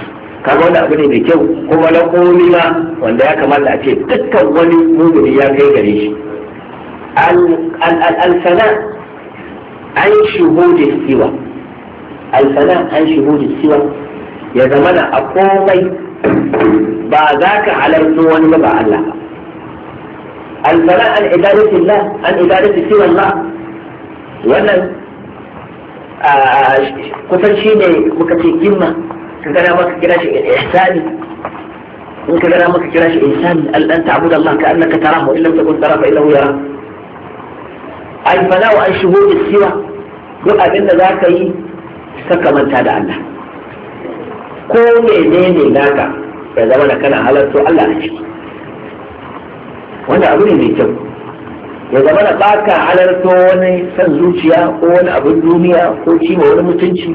kaga wani abu ne mai kyau kuma na komi ma wanda ya kamata a ce dukkan wani mumini ya kai gare shi al-sana an shuhudin siwa al-sana an shuhudin siwa ya zamana a komai ba za ka halarci wani ba Allah الفناء عن عبادة الله عن عبادة سوى الله wannan kusan shi ne muka ce himma ka gana maka kira shi ihsani in ka gana maka kira shi ihsani al'an ta'budu Allah ka annaka tarahu in lam takun tarahu illa yara al fana'u an shuhudi siwa duk abin zaka yi ka manta da Allah ko menene naka ya zama da kana halarto Allah a ciki wanda abu ne mai kyau ya zama na baka halarta wani san zuciya ko wani abin duniya ko cima wani mutunci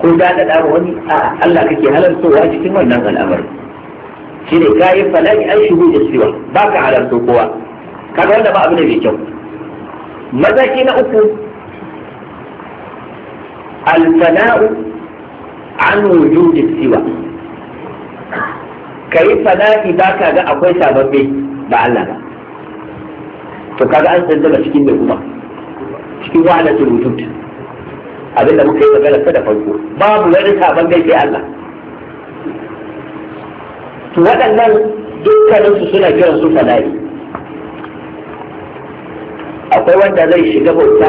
ko daɗaɗa wani a Allah kake halartowa cikin wannan al'amarin shi ne ka yi falaki an shigo da siwa ba ka halarta kowa kaga wanda ba abu ne mai kyau mataki na uku alfana'u an wujudu siwa ka yi fana'i ba ka ga akwai sababbi ba Allah ba to kaga an san daga cikin mai kuma cikin ta wujud abin da muka yi magana ta da farko babu wani sabon gai sai Allah to waɗannan dukkanin su suna kiran su fada'i akwai wanda zai shiga bauta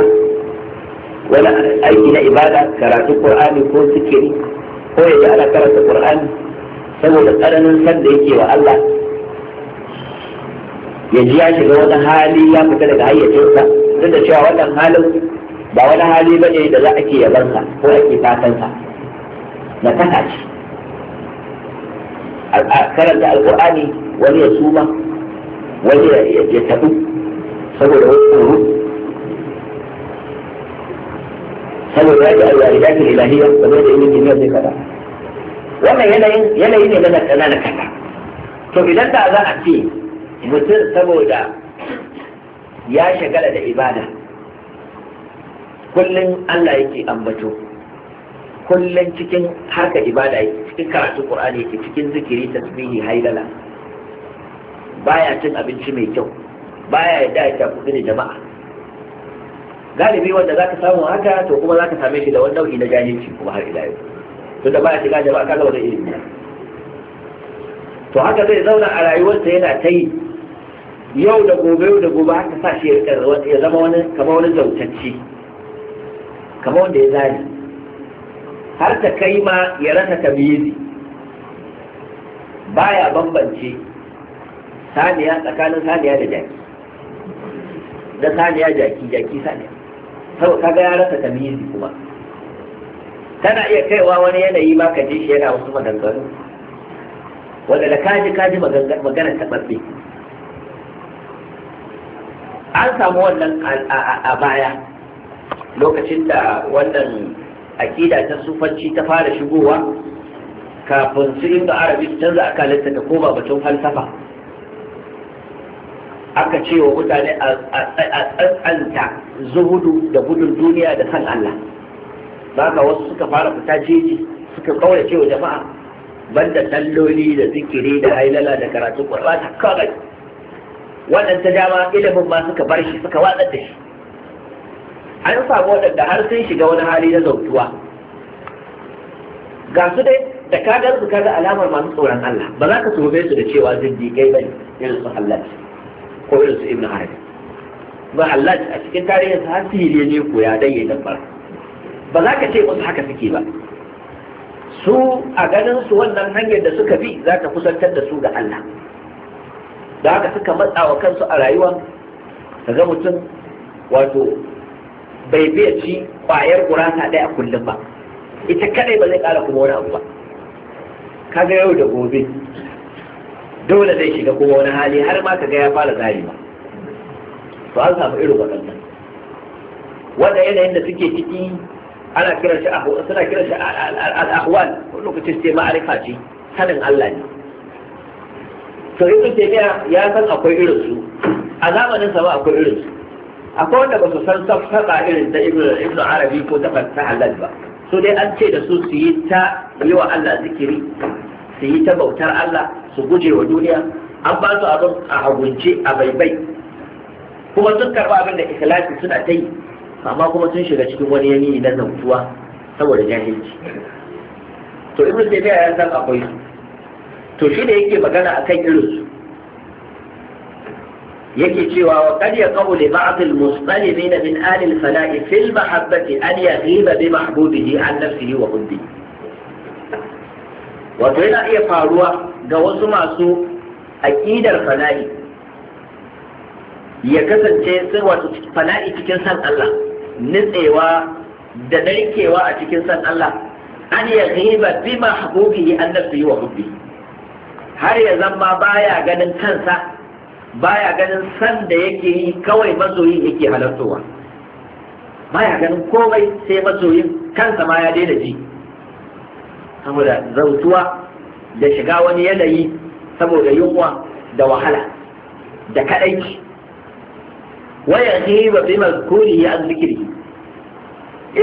wani aiki na ibada karatu qur'ani ko sikiri ko ya ana karanta qur'ani saboda tsananin san da yake wa Allah ya ji ya shiga wani hali ya fita daga hayyacinsa duk da cewa wannan halin ba wani hali bane da za a ke yabansa ko a ke fatansa na kasa ce A karanta alkur'ani wani ya suma wani ya taɓu saboda wani tsoro saboda ya ji alwaridatul ilahiyya kamar da ibn jiniyar zai kada wannan yanayin yanayi ne na kasa to idan da za a ce mutum saboda ya shagala da ibada kullum Allah yake ambato kullum cikin haka ibada yake cikin karatu qur'ani yake cikin zikiri tasbihi hailala baya cin abinci mai kyau baya yadda ya tafi da jama'a galibi wanda zaka samu haka to kuma zaka same shi da wani nau'i na jahilci kuma har ila yau tunda baya shiga jama'a kaga wani ilimi to haka zai zauna a rayuwarsa yana ta yi yau da gobe yau da gobe haka sa shi ya zama wani kamar wani zautacci kamar wanda ya zari har ta kai ma ya rasa ba baya bambance saniya tsakanin saniya da jaki da saniya jaki jaki saniya sau kaga ya rasa tamizi kuma tana iya kaiwa wani yanayi ma ka ji shi yana wasu maganganu wanda da kaji kaji maganar taɓaɓɓe an samu wannan a baya lokacin da wannan akida ta sufanci ta fara shigowa kafin su inda arabi su canza akalinta da koma batun falsafa aka ce wa mutane a tsantsanta zuhudu da gudun duniya da san Allah ba wasu suka fara fita jeji suka ce wa jama'a banda talloli da zikiri da hailala da karatun ƙwarwa ta kawai wannan ta dama ilimin ma suka bar shi suka watsar da shi an samu waɗanda har sun shiga wani hali na zautuwa ga su dai da kagar su kaga alamar masu tsoron Allah ba za ka tuhume su da cewa zindiƙai bane irin su Allah ko irin su Ibn Arabi ba Allah a cikin tarihin sa har sihiri ne ko ya dai yayin bar ba za ka ce musu haka suke ba su a ganin su wannan hanyar da suka bi za ka kusantar da su ga Allah da haka suka matsa wa kansu a rayuwa Ka ga mutum wato bai biya ci kwayar gurasa ɗaya a kullum ba ita kadai ba zai ƙara kuma wani abu ba kaga yau da gobe dole zai shiga kuma wani hali har ma ka ga ya fara ba. to an samu irin waɗannan wanda yanayin da suke ciki ana kiran shi suna kiran shi al wani lokacin sai ma'arifa ce sanin Allah ne to ibn ya san akwai irin su a zamanin sa ba akwai irin su akwai wanda ba su san safsaka irin ta ibn arabi ko ta halal ba so dai an ce da su su yi ta yi wa Allah zikiri su yi ta bautar Allah su guje wa duniya an ba su abin a hagunce a baibai kuma sun karɓa abin da ikhlasi suna ta yi amma kuma sun shiga cikin wani yanayi na zantuwa saboda jahilci to ibn taymiya ya san akwai su to shi da yake magana a kan akan irinsu yake cewa wa kad yaqau li ba'd al-muslimin min ahli al-fala'i fil mahabbati an yaghiba bi mahbubihi an nafsihi wa hubbi wato yana iya faruwa ga wasu masu aqidar fala'i ya kasance sai wato fala'i cikin san Allah nitsewa da narkewa a cikin san Allah an yaghiba bi mahbubihi an nafsihi wa hubbi har ya zama baya ganin kansa baya ganin san da yake yi kawai mazoyin yake halartowa baya ganin komai sai mazoyin kansa ma ya daina ji saboda zautuwa da shiga wani yanayi saboda yunwa da wahala da kadaici waya ba bi mazkuri an zikiri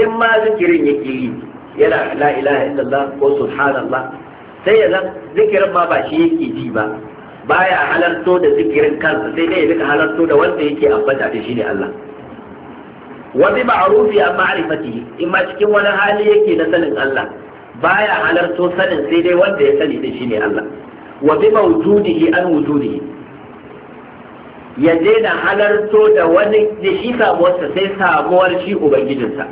in ma zikirin yake yi yana la ilaha illallah ko subhanallah sai ya zan zikirin ma ba shi yake ji ba baya halarto da zikirin kansa sai dai ya rika halarto da wanda yake ambata da shi ne Allah Wani bi a an in ma cikin wani hali yake na sanin Allah baya halarto sanin sai dai wanda ya sani shi ne Allah wa bi mawjudihi an wujudihi ya daina halarto da wani da shi samuwarsa sai samuwar shi ubangijinsa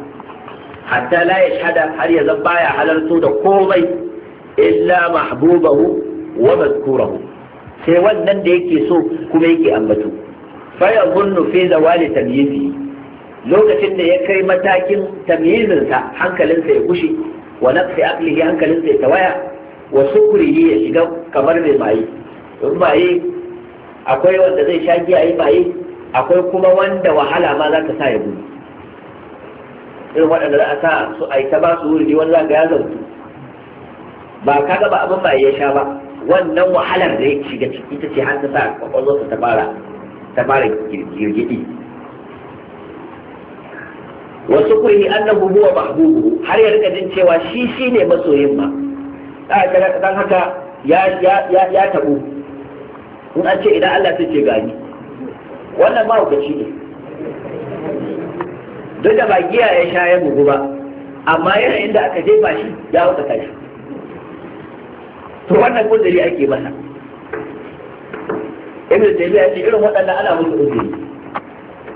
hatta la ya har ya zan baya halarto da komai illa mahbubahu wa mazkurahu sai wannan da yake so kuma yake ambato fa yadhunnu fi zawali tamyizi lokacin da ya kai matakin tamyizinsa hankalinsa ya kushe wa nafsi aqlihi hankalinsa ya tawaya wa sukrihi ya shiga kamar mai maye in maye akwai wanda zai sha giya yi maye akwai kuma wanda wahala ma za ka sa ya gudu irin waɗanda za a sa su aita ba su wuri wani za ka ya zautu ba ka gaba abin ba ya sha ba wannan wahalar da ya shiga ciki ita ce har ta sa kwakwalwarsa ta fara ta fara girgidi wasu kuri annahu huwa mahbubu har ya rika jin cewa shi shine masoyin ba, dan haka ya ya ya ya tabu in an ce idan Allah sai ce gani wannan ma hukaci ne duk da ba giya ya sha ya bugu ba amma yana inda aka jefa shi ya hukata shi to wannan uzuri ake masa ibn taymiya ce irin waɗannan ana musu uzuri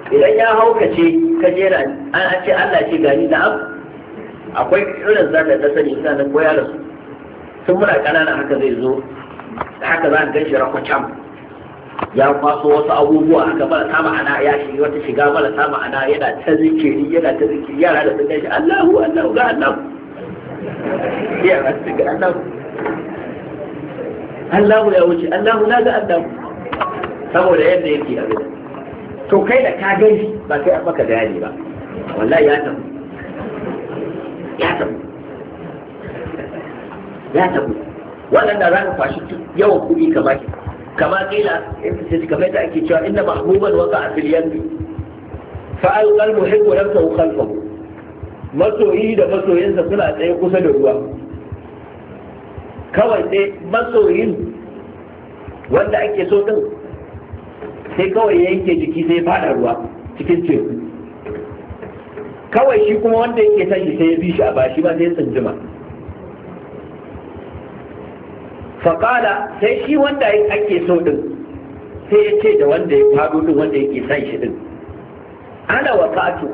idan ya haukace ka jera an ce Allah ce gani da am akwai irin zata ta sani ina nan koya da su sun muna ƙanana haka zai zo haka za ka ga shi rakwacam ya kwaso wasu abubuwa haka bala ta ma'ana ya shi wata shiga bala ta ma'ana yana ta zikiri yana ta zikiri yara da sun gan shi Allahu Allahu ga Allah ya rasu ga Allah Allahu ya wuce Allahu na ga Allahu saboda yadda yake a gaba to kai da ka gani ba kai an maka bayani ba wallahi ya tabu ya tabu ya tabu wannan za ka fashi yawan kuɗi ka baki kama kila sai kamar da ake cewa inna mahbuban waka a filiyan fa alqal muhibbu nafsahu khalfahu masoyi da masoyinsa suna tsaye kusa da ruwa kawai sai masoyin wanda ake so din sai kawai ya yanke jiki sai ya fada ruwa cikin teku kawai shi kuma wanda yake tashi sai ya bi shi a bashi ba sai tsinjima faƙala sai shi wanda ake so din sai ya ce da wanda ya fado din wanda yake san shi din ana wakatu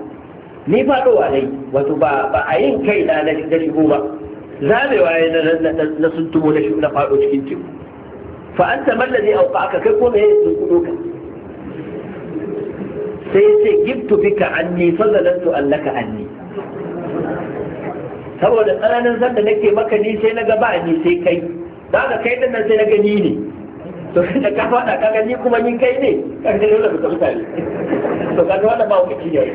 ni fadowa ne wato ba a yin kai na na shigo ba zamewa ya na sun tumo na faɗo cikin teku fa an ta mallazi auka aka kai ko me sun kudo ka sai ya ce gibtu bika anni fa zalantu allaka anni saboda tsananin san da nake maka ni sai na gaba ni sai kai da ka kai nan sai na gani ne to *laughs* da ka faɗa ka ni kuma ni kai ne ka da dole ka mutane to ka ga wannan ba wuci ne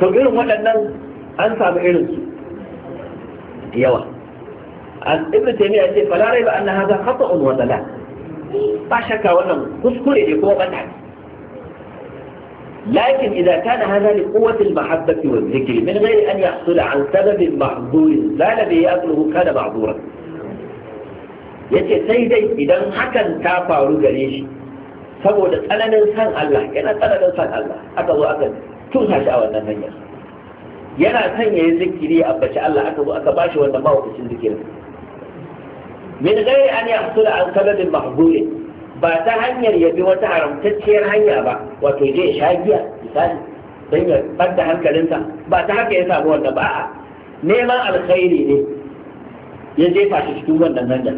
to irin waɗannan an samu irin su yawa an ibnu taymiya ce fala raiba anna hadha khata'un wa dalal ba shakka wannan kuskure ne kuma bata لكن إذا كان هذا لقوة المحبة والذكر من غير أن يحصل عن سبب محظور زال به أكله كان معذورا yace sai dai idan hakan ta faru gare shi saboda tsananin san Allah yana tsananin san aka tusa shi a wannan hanyar yana son ya yi zikiri a bace Allah aka zo aka bashi wannan mahaukacin zikirin min gari an yahsula an sababin mahzulin ba ta hanyar ya bi wata haramtacciyar hanya ba wato je ya sha giya misali don ya ɓanta hankalinsa ba ta haka ya samu wannan ba a neman alkhairi ne ya jefa shi cikin wannan hanyar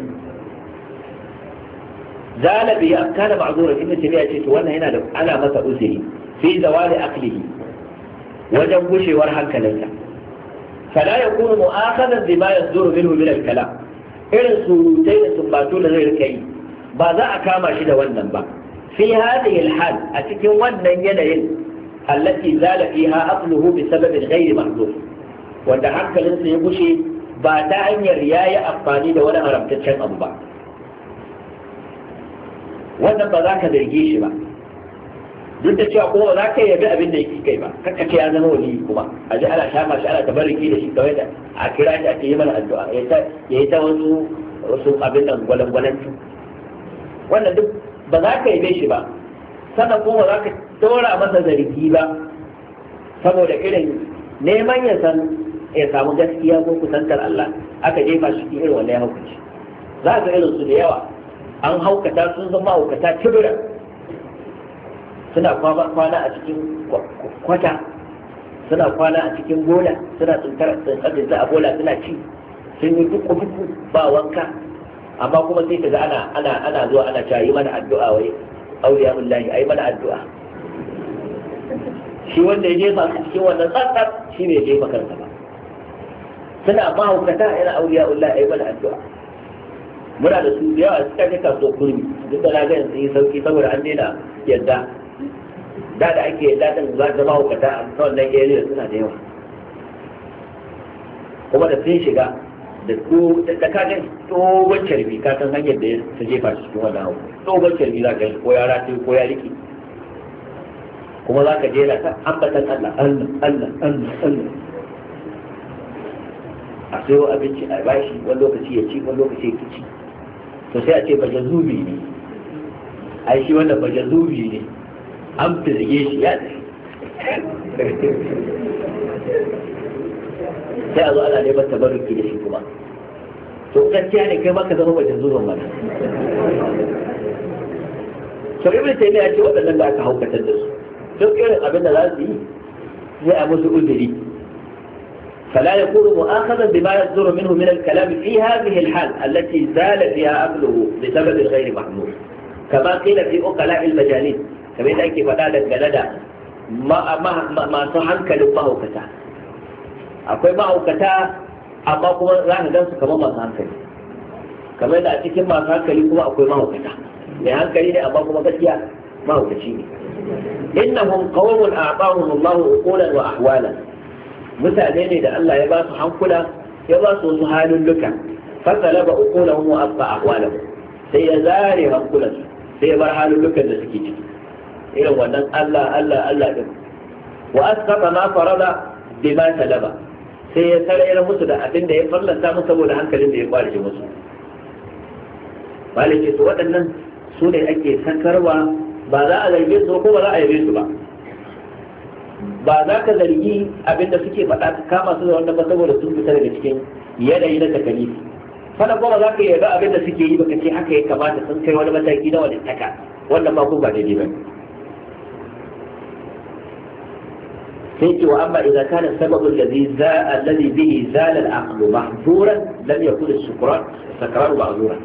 zalabi ya kana ma'azura inda tabi'a ce to wannan yana da ana masa uzuri fi zawali aqlihi wajen gushewar hankalinsa fala yakunu mu'akhadan bima yasduru minhu min al-kalam irin surutai da sumbatu da zai rika yi ba za a kama shi da wannan ba fi hadhihi al-hal a cikin wannan yanayin allati zala fiha aqluhu bi sababin ghairi mahdhuf wanda hankalinsa ya gushe ba ta hanyar yayi amfani da wani haramtaccen abu ba wannan ba za ka birge shi ba duk da cewa kuma za ka yabi abin da yake kai ba kaka ce ya zama wali kuma a ji ana shama shi ana tabarriki da shi kawai da a kira shi ake yi mana addu'a ya yi ta wasu wasu abin nan gwalangwalanci wannan duk ba za ka yabe shi ba sannan kuma za ka tora masa zargi ba saboda irin neman ya san ya samu gaskiya ko kusantar Allah aka jefa shi irin wannan ya hukunci za ka irin su da yawa an haukata sun zama haukata kibira suna kwana a cikin kwata suna kwana a cikin bola suna tsuntar tsuntsarinta a bola suna ci sun yi duk duku ba wanka amma kuma sai kaga ana ana ana zuwa ana cewa yi mana addu'a wai auliya billahi ayi mana addu'a shi wanda ya jefa su cikin wannan tsantsan, shi ne jefa kansa ba suna mahaukata ina auliya billahi ayi mana addu'a muna da su da yawa suka je kasuwar kurmi duk da na ga yanzu sauki saboda an daina yadda da da ake daɗin za zama hukata a wannan area suna da yawa kuma da sun shiga da da ka ga tsohon carbi ka san hanyar da ta jefa su cikin wannan hau tsohon carbi za ka yi ko ya rataye ko ya riki kuma za ka je da ta ambatan Allah Allah Allah Allah Allah a sayo abinci a bashi wani lokaci ya ci wani lokaci ya ci to sai a ce bajazubi ne ai shi wannan bajazubi ne an firge shi ya ce sai a zo ana neman tabarruki da shi kuma to gaskiya ne kai maka zama wajen zuwan mana sau ibn taymiya ce waɗannan da aka haukatar da su duk irin abin da za su yi sai a musu uzuri فلا يكون مؤاخذا بما يصدر منه من الكلام في هذه الحال التي زال فيها عقله بسبب غير محمود كما قيل في أقلاء المجانين kamar yadda ake faɗa dangane da masu hankalin mahaukata akwai mahaukata amma kuma za ka gan su kamar masu hankali kamar yadda a cikin masu hankali kuma akwai mahaukata mai hankali ne amma kuma gaskiya mahaukaci ne innahum qawmun a'tahum Allahu uqulan wa ahwalan mutane ne da Allah ya ba su hankula ya ba su wasu halin luka fasalaba uqulahum wa abba ahwalahum sai ya zare hankulansu sai ya bar halin lukan da suke ciki irin wannan Allah Allah Allah din wa asqata ma farada bima talaba sai ya tarayar musu da abin da ya fallanta musu saboda hankalin da ya kwarje musu malike su waɗannan su ne ake sakarwa ba za a zargi su ko ba za a yabe su ba ba za ka zargi abinda suke faɗa ka kama su da wannan ba saboda sun fita daga cikin yanayi na fa fana kuma za ka yarda abinda suke yi baka ce haka ya kamata sun kai wani mataki na wani taka wannan ba ku ba daidai ba sai wa amma idan kana sababul ladhi za alladhi bihi zala al-aqlu mahzuran lam yakun as-sukran sakran ma'zura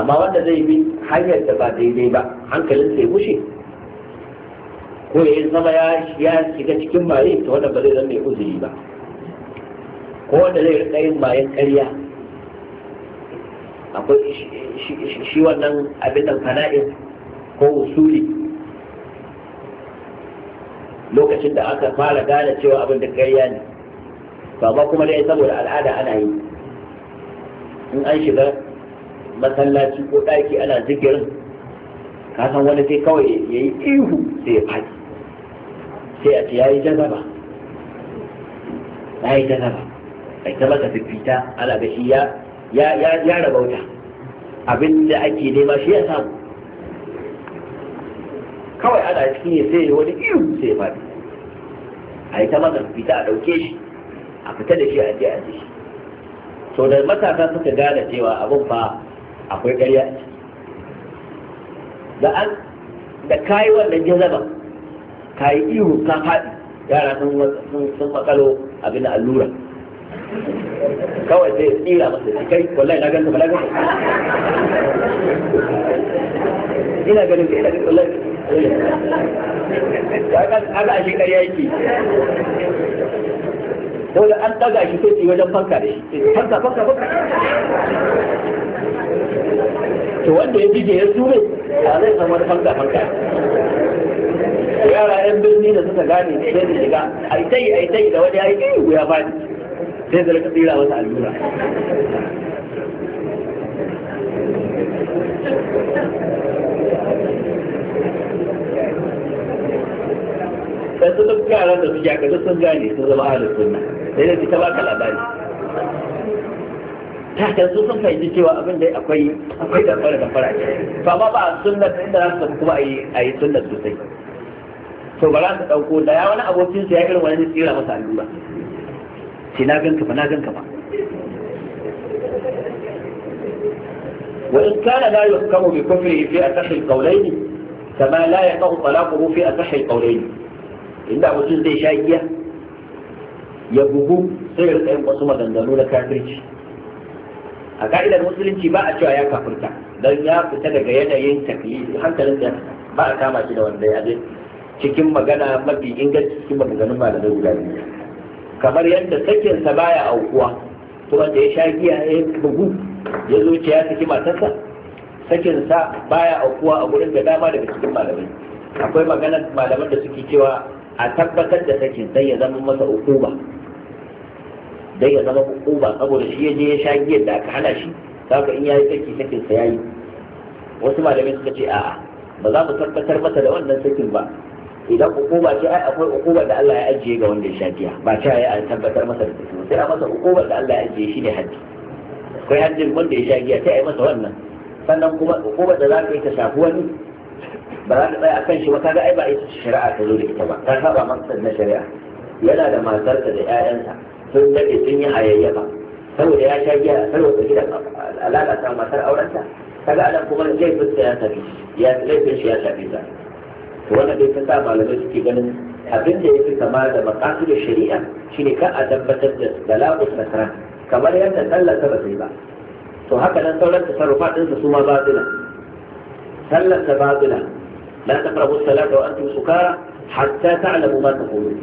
amma wanda zai bi hanyar da ba daidai ba hankalin sai bushe ko ya zama ya shiga cikin maye to wanda ba zai zama mai uzuri ba ko wanda zai rika yin mayan ƙarya akwai shi wannan abin nan fana'in ko usuli lokacin da aka fara gane cewa abin da ƙarya ne ba ba kuma dai saboda al'ada ana yi in an shiga masallaci ko ɗaki ana zikirin ka san wani sai kawai ya yi ihu sai ya faɗi sai a ce ya yi jazaba ya yi jazaba a ita masa fifita ana ga shi ya ya rabauta abin da ake nema shi ya samu kawai ana ciki ne sai wani ihu sai ya faɗi a yi ta maza fita a ɗauke shi a fita da shi a je a je shi to da matasa suka gane cewa abin fa akwai ƙarya a ciki da an da kayi wannan jazaba kayi ihu ka faɗi yara sun makalo abin da allura kawai sai tsira masa da kai wallahi na ganta balaga ina ganin ina ganin wallahi ana shi ƙarya yake dole an ɗaga shi sai wajen fanka da shi fanka fanka fanka to wanda ya jije ya sure ba zai san wani fanka fanka yara yan birni da suka gane sai su shiga ai aitai da wani ya yi ya fadi sai su tsira masa allura yaran da suke a sun gane sun zama ahalin sunna sai su ta baka labari ta kan su sun fahimci cewa abin da akwai akwai da fara da fara to amma ba sunna da inda za su kuma a yi sunna sosai to ba za su dauko da ya wani abokin su ya irin wani tsira masa allura ce na ganka ba na ganka ba وإن كان لا يحكم بكفره في أصح القولين كما لا يقع طلاقه في أصح القولين inda mutum zai sha giya ya bugu sai ya yin wasu maganganu na kafirci a ka'idar musulunci ba a cewa ya kafirta don ya fita daga yanayin taklifi hankalin da ba a kama shi da wanda ya zai cikin magana mafi inganci cikin maganganun malamai guda biyu kamar yadda sakinsa baya aukuwa to wanda ya sha giya ya bugu ya ce ya saki matarsa sakinsa baya aukuwa a gurin da dama daga cikin malamai akwai maganar malaman da suke cewa a tabbatar da sakin sai ya zama masa ukuba dai ya zama ukuba saboda shi ya je ya sha giyar da aka hana shi saboda in yayi saki sakin sa yayi wasu malamai suka ce a'a ba za mu tabbatar masa da wannan sakin ba idan ukuba ce ai akwai ukuba da Allah ya ajiye ga wanda ya sha giya ba ta ya tabbatar masa da sakin sai a masa ukuba da Allah ya ajiye shi ne haddi akwai haddin wanda ya sha giya sai a yi masa wannan sannan kuma ukuba da za ka yi ta shafi wani ba za ta tsaya kan shi ba kaga ai ba ita shari'a ta zo da ita ba ta saba maksad na shari'a yana da matarsa da 'ya'yansa sun dade sun yi hayayyafa saboda ya sha giya saboda gida alaƙa ta matar aurenta kaga adam kuma laifin sa ya tafi ya laifin shi ya tafi ta wannan dai ta sa malamai suke ganin abin da ya fi kama da maqasid shari'a shine ka a tabbatar da dalabus nasara kamar yadda sallar ta ba sai ba to haka nan sauran tasarrufa ɗinsa su ma ba batila sallar ta babila la taqrabu salata wa antum sukara hatta ta'lamu ma taqulun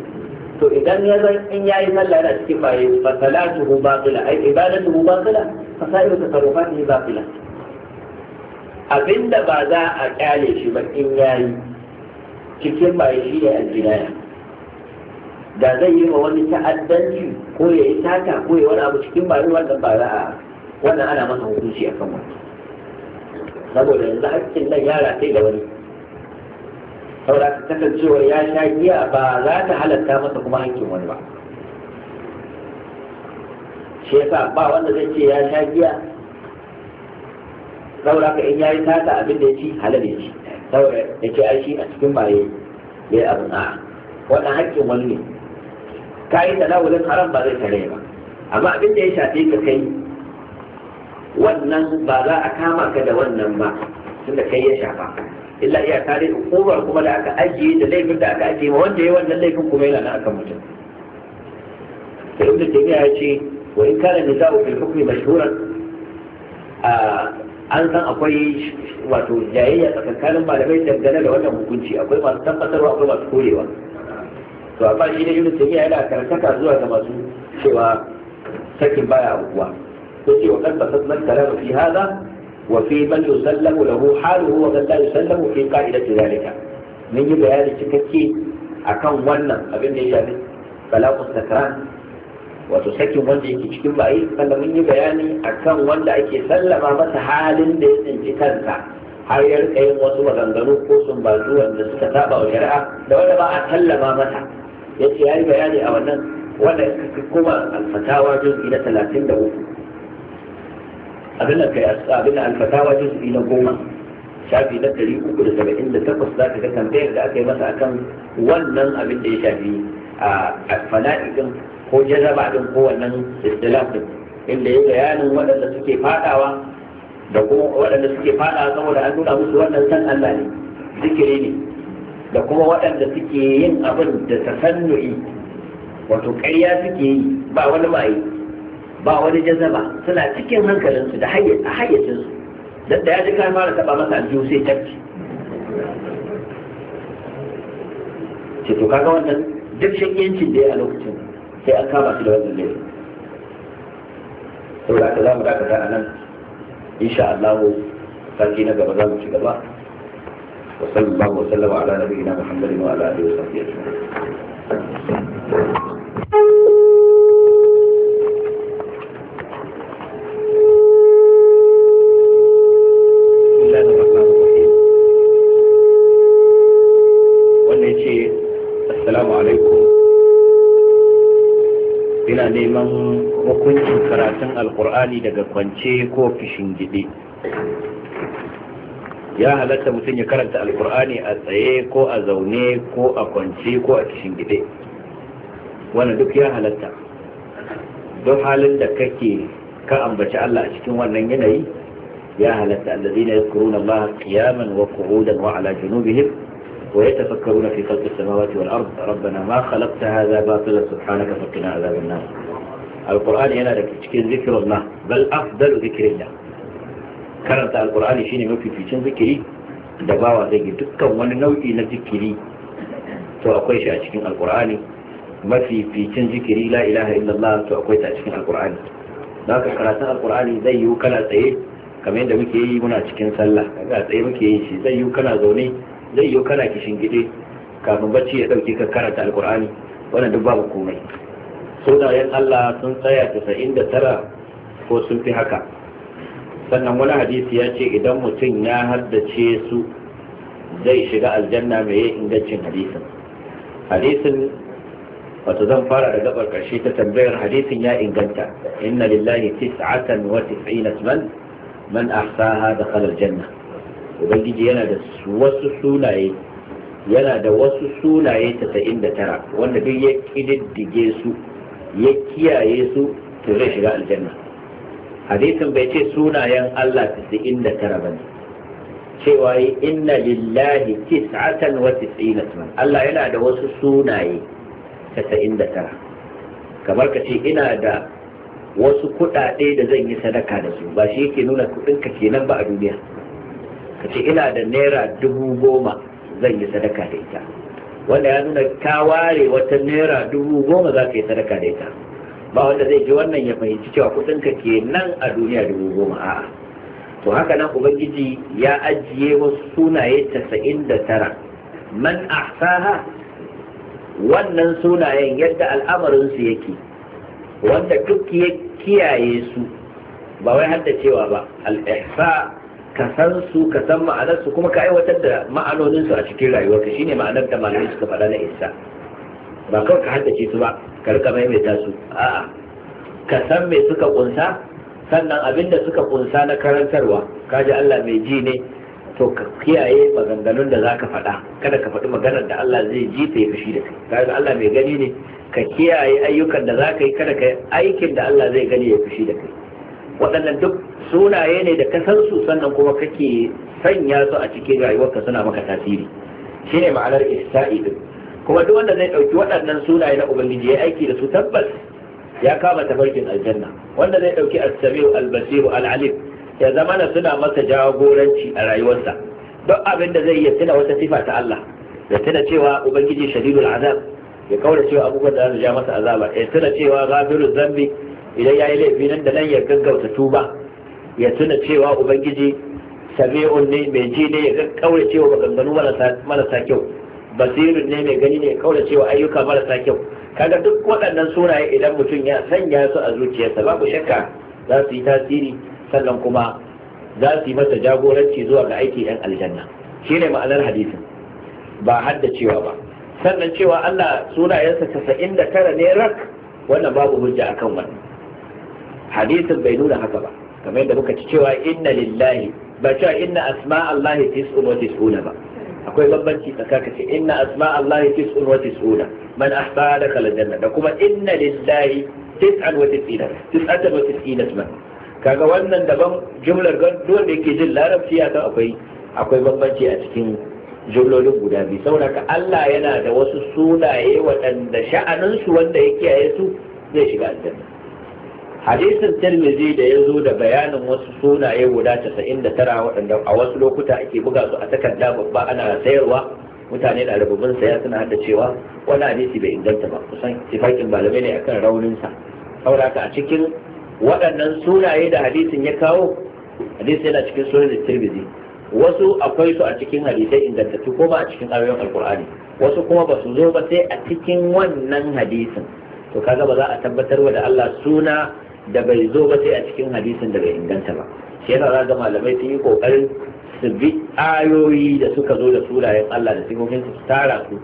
to idan ya zan in yi sallah yana cikin baye fa salatuhu batila ai ibadatuhu batila fa sa'iru tasarrufatihi batila abinda ba za a kyale shi ba in yayi cikin baye shi ne aljinaya da zai yi wa wani ta'addanci ko ya yi taka ko ya wani abu cikin baye wannan ba za a wannan ana masa hukunci a kan wani. saboda yanzu hakkin nan yara sai da wani saboda ka ya sha giya ba za ta halatta masa kuma hankin wani ba shi yasa ba wanda zai ce ya sha giya Sauraka in in yi sata abin da ya ci halar ya ci saboda ya ce a cikin baye ya yi abin a'a wani hankin wani ne ka yi tanawulin haram ba zai tare ba amma abin da ya shafe ka kai wannan ba za a kama ka da wannan ba suna kai ya shafa illa iya kare hukumar kuma da aka ajiye da laifin da aka ajiye wanda ya wannan laifin kuma yana na akan mutum sai ibnu taymiya ya ce wa in kana nisa'u fil hukmi mashhuran an san akwai wato jayayya tsakankanin malamai dangane da wannan hukunci akwai masu tabbatarwa akwai masu korewa to amma shi ne ibnu taymiya yana karkata zuwa ga masu cewa sakin baya abubuwa ce wa kan nan kalamu fi hada وفي من يسلم له حاله ومن لا يسلم في قاعدة ذلك من يبقى هذه التكي أكون ونا أبن إيجابي فلا مستكران وتسكن wanda yake cikin bayi sannan mun yi bayani akan wanda ake sallama masa halin da ya tsinci kansa har ya rika yin wasu maganganu ko sun wanda suka saba wa shari'a da wanda ba a sallama masa yace yayi bayani a wannan wanda kuma alfatawa juz'i na abin da kai abin da alfatawa ce su na goma shafi na ɗari uku da saba'in da takwas za ka ga tambayar da aka yi masa akan wannan abin da ya shafi a fana'i din ko jarraba din ko wannan istilaf din inda ya bayanin waɗanda suke faɗawa da kuma waɗanda suke fadawa saboda an nuna musu wannan san Allah ne zikiri ne da kuma waɗanda suke yin abin da ta sannu'i wato ƙarya suke yi ba wani ma'aikata ba wani jazaba suna cikin hankalinsu da hayyacinsu da ya ji kayan mara taba masa aljihu sai tafi ce to kaga wannan duk shakiyancin da ya a lokacin sai an kama shi da wannan laifin to da za mu dakata a nan insha Allah sarki na gaba za mu ci gaba wa ba wa sallama ala nabiyina Muhammadin wa ala alihi wa sahbihi ajma'in yana neman hukuncin karatun alkur'ani daga kwance ko kishin gide ya halatta mutum ya karanta alkur'ani a tsaye ko a zaune ko a kwance ko a kishin gide wannan duk ya halatta duk halin da kake ka ambaci Allah a cikin wannan yanayi ya halatta allazina yadhkuruna Allah qiyaman wa qu'udan wa ala junubihim ويتفكرون في خلق السماوات والأرض ربنا ما خلقت هذا باطلا سبحانك فقنا عذاب النار القرآن هنا لك ذكر الله بل أفضل ذكر الله karanta alkur'ani shine mafificin zikiri da bawa zai dukkan wani nau'i na zikiri to akwai shi a cikin alkur'ani mafificin zikiri la ilaha illallah to akwai ta a cikin alkur'ani za ka karatun alkur'ani zai yiwu kana tsaye kamar yadda muke yi muna cikin sallah a tsaye muke yi shi zai yiwu kana zaune zai yiwu kana kishin gide kafin bacci ya dauke ka karanta alkur'ani wannan duk babu komai sunayen Allah sun tsaya da tara ko sun fi haka sannan wani hadisi ya ce idan mutum ya haddace su zai shiga aljanna mai yin ingancin hadisin hadisin wato zan fara da gabar karshe ta tambayar hadisin ya inganta inna lillahi tis'atan wa tis'ina man man ahsaha dakhala aljanna ubangiji yana da wasu sunaye yana da wasu sunaye tara wanda duk ya kididdige su ya kiyaye su to zai shiga aljanna hadisin bai ce sunayen Allah tara ba cewa yi inna lillahi tis'atan wa tis'ina sunan Allah yana da wasu sunaye tara. kamar ka ce ina da wasu kuɗaɗe da zan yi sadaka da su ba shi yake nuna kuɗinka kenan ba a duniya ka ce ina da naira dubu goma zan yi sadaka da ita wanda ya nuna ka ware wata naira dubu goma za ka yi sadaka da ita ba wanda zai ji wannan ya fahimci cewa ka ke nan a duniya dubu goma a'a to haka nan ubangiji ya ajiye wasu sunaye tasa'in da tara man ahsaha wannan sunayen yadda al'amarin su yake wanda duk ya kiyaye su ba wai hadda cewa ba al ka san su ka san ma'anar su kuma ka aiwatar da ma'anonin su a cikin rayuwarka shine ma'anar da malamai suka faɗa na isa ba kawai ka haddace su ba ka rika maimaita su a'a ka san me suka kunsa sannan abin da suka kunsa na karantarwa ka ji Allah mai ji ne to ka kiyaye maganganun da zaka faɗa kada ka faɗi maganar da Allah zai ji ta fushi da kai Allah mai gani ne ka kiyaye ayyukan da zaka yi kada ka aikin da Allah zai gani ya fushi da kai waɗannan duk sunaye ne da su sannan kuma kake sanya su a cikin rayuwarka suna maka tasiri shine ma'anar isa'i din kuma duk wanda zai dauki waɗannan sunaye na ubangiji ya aiki da su tabbas ya kama tafarkin aljanna wanda zai ɗauki as-sami'u al-basiru al-alim ya zama na suna masa jagoranci a rayuwarsa duk abin da zai yi tuna wata sifa ta Allah ya tuna cewa ubangiji shadidul azab ya kaura cewa abubuwan da za su ja masa azaba ya tuna cewa ghafiruz zambi idan ya yi laifi nan da nan ya gaggauta tuba ya tuna cewa ubangiji sami'un ne mai ji ne ya kaure cewa maganganu marasa kyau basirin ne mai gani ne ya kaure cewa ayyuka marasa kyau kaga duk waɗannan sunaye idan mutum ya sanya su a zuciyarsa babu shakka za su yi tasiri sannan kuma za su yi masa jagoranci zuwa ga aiki yan aljanna shi ne ma'anar hadisin ba hadda cewa ba sannan cewa Allah sunayensa casa'in da tara ne rak wannan babu hujja akan wannan hadisin bai nuna haka ba kamar yadda muka ci cewa inna lillahi ba cewa inna asma Allah tis'un wa tis'una ba akwai bambanci tsakaka ce inna asma Allah tis'un wa tis'una man ahsaha dakhala janna da kuma inna lillahi tis'an wa tis'ina tis'atan wa tis'ina ba kaga wannan daban jumlar gan dole yake jin larabci ya akwai akwai bambanci a cikin jumlolin guda biyu saboda Allah yana da wasu sunaye waɗanda sha'anansu wanda ya kiyaye su zai shiga aljanna hadisin tirmizi da ya zo da bayanin wasu sunaye guda 99 waɗanda a wasu lokuta ake buga su a takarda babba ana sayarwa mutane da rububin saya suna hada cewa wani hadisi bai inganta ba kusan tifakin malamai ne akan raunin sa saboda a cikin waɗannan sunaye da hadisin ya kawo hadisi yana cikin sunan tirmizi wasu akwai su a cikin hadisai ingantattu ko ba a cikin ayoyin alkur'ani wasu kuma ba su zo ba sai a cikin wannan hadisin to kaga ba za a tabbatar wa da Allah suna da bai zo ba sai a cikin hadisin da bai inganta ba shi yana ga malamai sun yi kokarin su bi ayoyi da suka zo da sunayen Allah da sifofin su tara su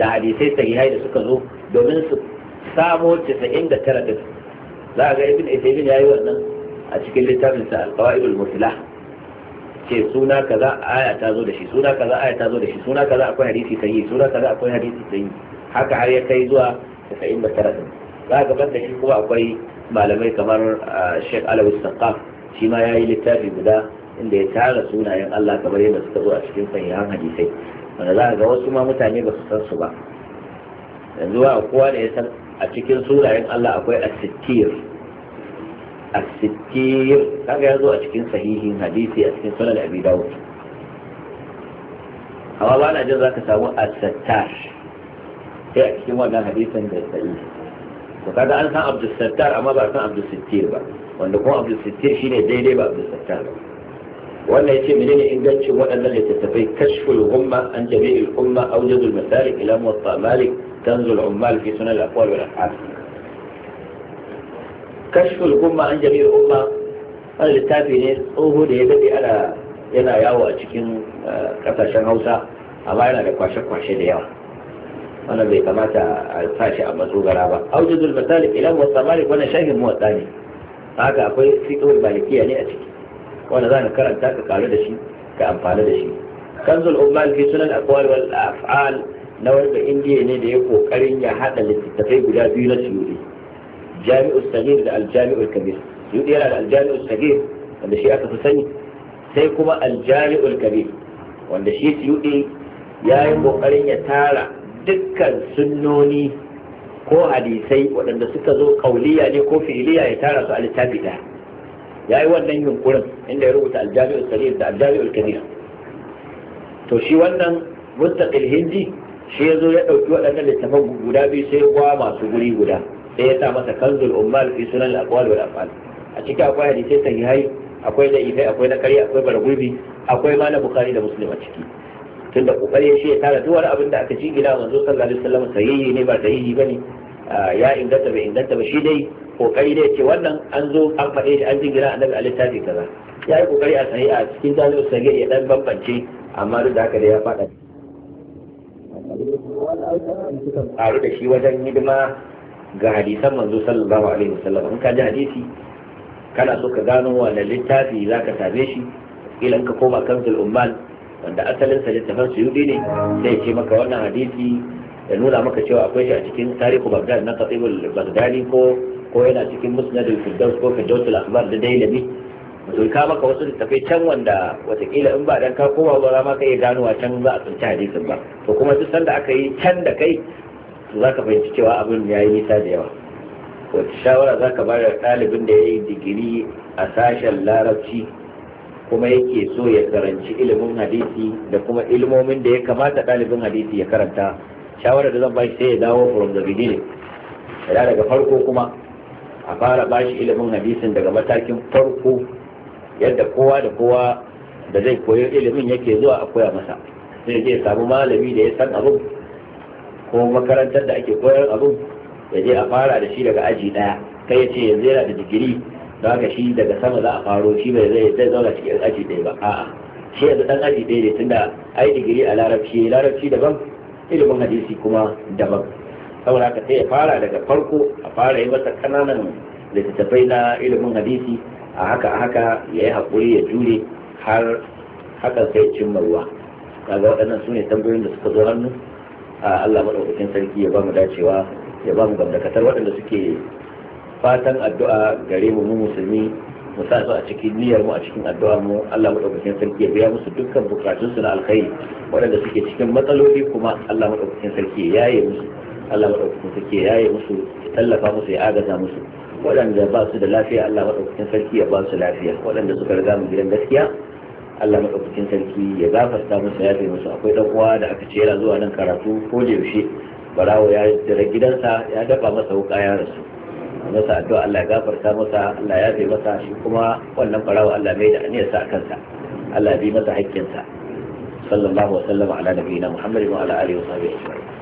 da hadisai sahihai da suka zo domin su samo 99 da za ga ibn Isaibin yayi wannan a cikin littafin sa al-qawaidul muslah ce suna kaza aya ta zo da shi suna kaza aya ta zo da shi suna kaza akwai hadisi sahihi suna kaza akwai hadisi sahihi haka har ya kai zuwa 99 da za ga ban da shi kuma akwai malamai kamar Sheikh Alawi Saqaf shi ma ya yi littafi guda inda ya tara sunayen Allah kamar yadda suka zo a cikin sahihan hadisai wanda za ga wasu ma mutane ba su san su ba yanzu ba kowa da ya san a cikin sunayen Allah akwai as-sittir as-sittir kaga ya zo a cikin sahihin hadisi a cikin sunan Abi Dawud amma ba na jin za ka samu as-sattar sai a cikin wannan hadisin da sahihi to kaga an san abdul sattar amma ba san abdul sittir ba wanda kuma abdul sittir shine daidai ba abdul sattar ba wannan yace menene ingancin waɗannan littattafai kashful umma an jami'il umma awjadul masalik ila muwatta malik tanzul ummal fi sunan al-aqwal wal af'al kashful umma an jami'il umma wannan littafi ne tsoho da ya daɗe ana yana yawo a cikin eh, ƙasashen Hausa amma yana da kwashe-kwashe da yawa wannan bai kamata a sashi a matsogara ba aujizul masalik ila muwatta malik wannan shahin muwatta ne haka akwai fiqhul malikiya ne a ciki wanda za ka karanta ka karu da shi ka amfani da shi kanzul ummal fi sunan aqwal wal af'al na wani wanda indiya ne da ya kokarin ya hada littattafai guda biyu na suyudi jami'ul sagir da aljami'ul kabir suyudi yana da aljami'ul sagir wanda shi aka fi sani sai kuma aljami'ul kabir wanda shi suyudi ya yi kokarin ya tara dukkan sunnoni ko hadisai waɗanda suka zo kauliya ne ko fi'iliya ya tara su a littafi ɗaya ya yi wannan yunkurin inda ya rubuta aljami'ul sarir da aljami'ul kabir to shi wannan mustaqil hindi shi ya zo ya ɗauki waɗannan littafan guda biyu sai ya masu guri guda sai ya sa masa kanzul ummal fi sunan al-aqwal wal af'al a cikin akwai hadisai sahihai akwai da ifai akwai na kari akwai baragurbi akwai ma na bukhari da muslim a ciki tunda ya shi ya tara duk wani abin da aka jingina manzo sallallahu alaihi wasallam sahihi ne ba sahihi bane ah, ya inganta bai inganta ba shi dai kokari dai ce wannan an zo an faɗe shi an jingina annabi a tafi kaza ya yi kokari a sahihi a cikin jami'ar sagir ya dan bambance amma duk da haka dai ya faɗa taru da shi wajen hidima ga hadisan manzo sallallahu alaihi wasallam in ka ji hadisi kana so ka gano wannan littafi zaka same shi ilan ka koma kansul ummal wanda asalin sa littafin suyudi ne sai ce maka wannan hadisi da nuna maka cewa akwai shi a cikin tarihu bagdad na katibul bagdadi ko ko yana cikin musnadul firdaus ko firdausul akhbar da dailabi to ka maka wasu littafai can wanda watakila in ba dan ka koma ba za ma ka iya ganowa can za a tsinci hadisin ba to kuma duk sanda aka yi can da kai za ka fahimci cewa abin ya yi nisa da yawa wata shawara za ka bayar ɗalibin da ya yi digiri a sashen larabci kuma yake so ya karanci ilimin hadisi da kuma ilimomin da ya kamata ɗalibin hadisi ya karanta shawarar da zan bashi sai ya dawo from the beginning da daga farko kuma a fara bashi ilimin hadisin daga matakin farko yadda kowa da kowa da zai koyi ilimin yake zuwa a koya masa sai ya samu malami da ya san abin ko makarantar da ake koyar abin ya je a fara da shi daga aji daya kai ya ce yanzu yana da digiri da haka shi daga sama za a faro shi bai zai zai zauna cikin aji ɗaya ba a'a shi yanzu dan aji ɗaya ne tunda ai digiri a larabci larabci daban ilimin hadisi kuma daban saboda haka sai ya fara daga farko a fara yi masa kananan littattafai na ilimin hadisi a haka a haka ya yi haƙuri ya jure har hakan sai cimma ruwa kaga waɗannan su ne tambayoyin da suka zo hannu a Allah maɗaukakin sarki ya ba mu dacewa ya ba mu gamdakatar waɗanda suke fatan addu'a gare mu mu musulmi mu sa su a cikin niyyar mu a cikin addu'a mu Allah madaukakin sarki ya biya musu dukkan bukatun su na alkhairi waɗanda suke cikin matsaloli kuma Allah madaukakin sarki ya yaye musu Allah madaukakin sarki ya yaye musu ya tallafa musu ya agaza musu waɗanda ba su da lafiya Allah madaukakin sarki ya ba su lafiya waɗanda suka riga mu gidan gaskiya Allah madaukakin sarki ya gafarta musu ya musu akwai dan uwa da aka cera zuwa nan karatu ko da yaushe barawo ya jira gidansa ya dafa masa wuka ya rasu masa addu'a Allah ya gafarta masa Allah ya bai masa shi kuma wannan barawa Allah mai da aniyarsa a kansa Allah bi masa haƙƙinsa sallallahu alaihi wa sallama ala nabiyina Muhammad wa ala alihi wa sahbihi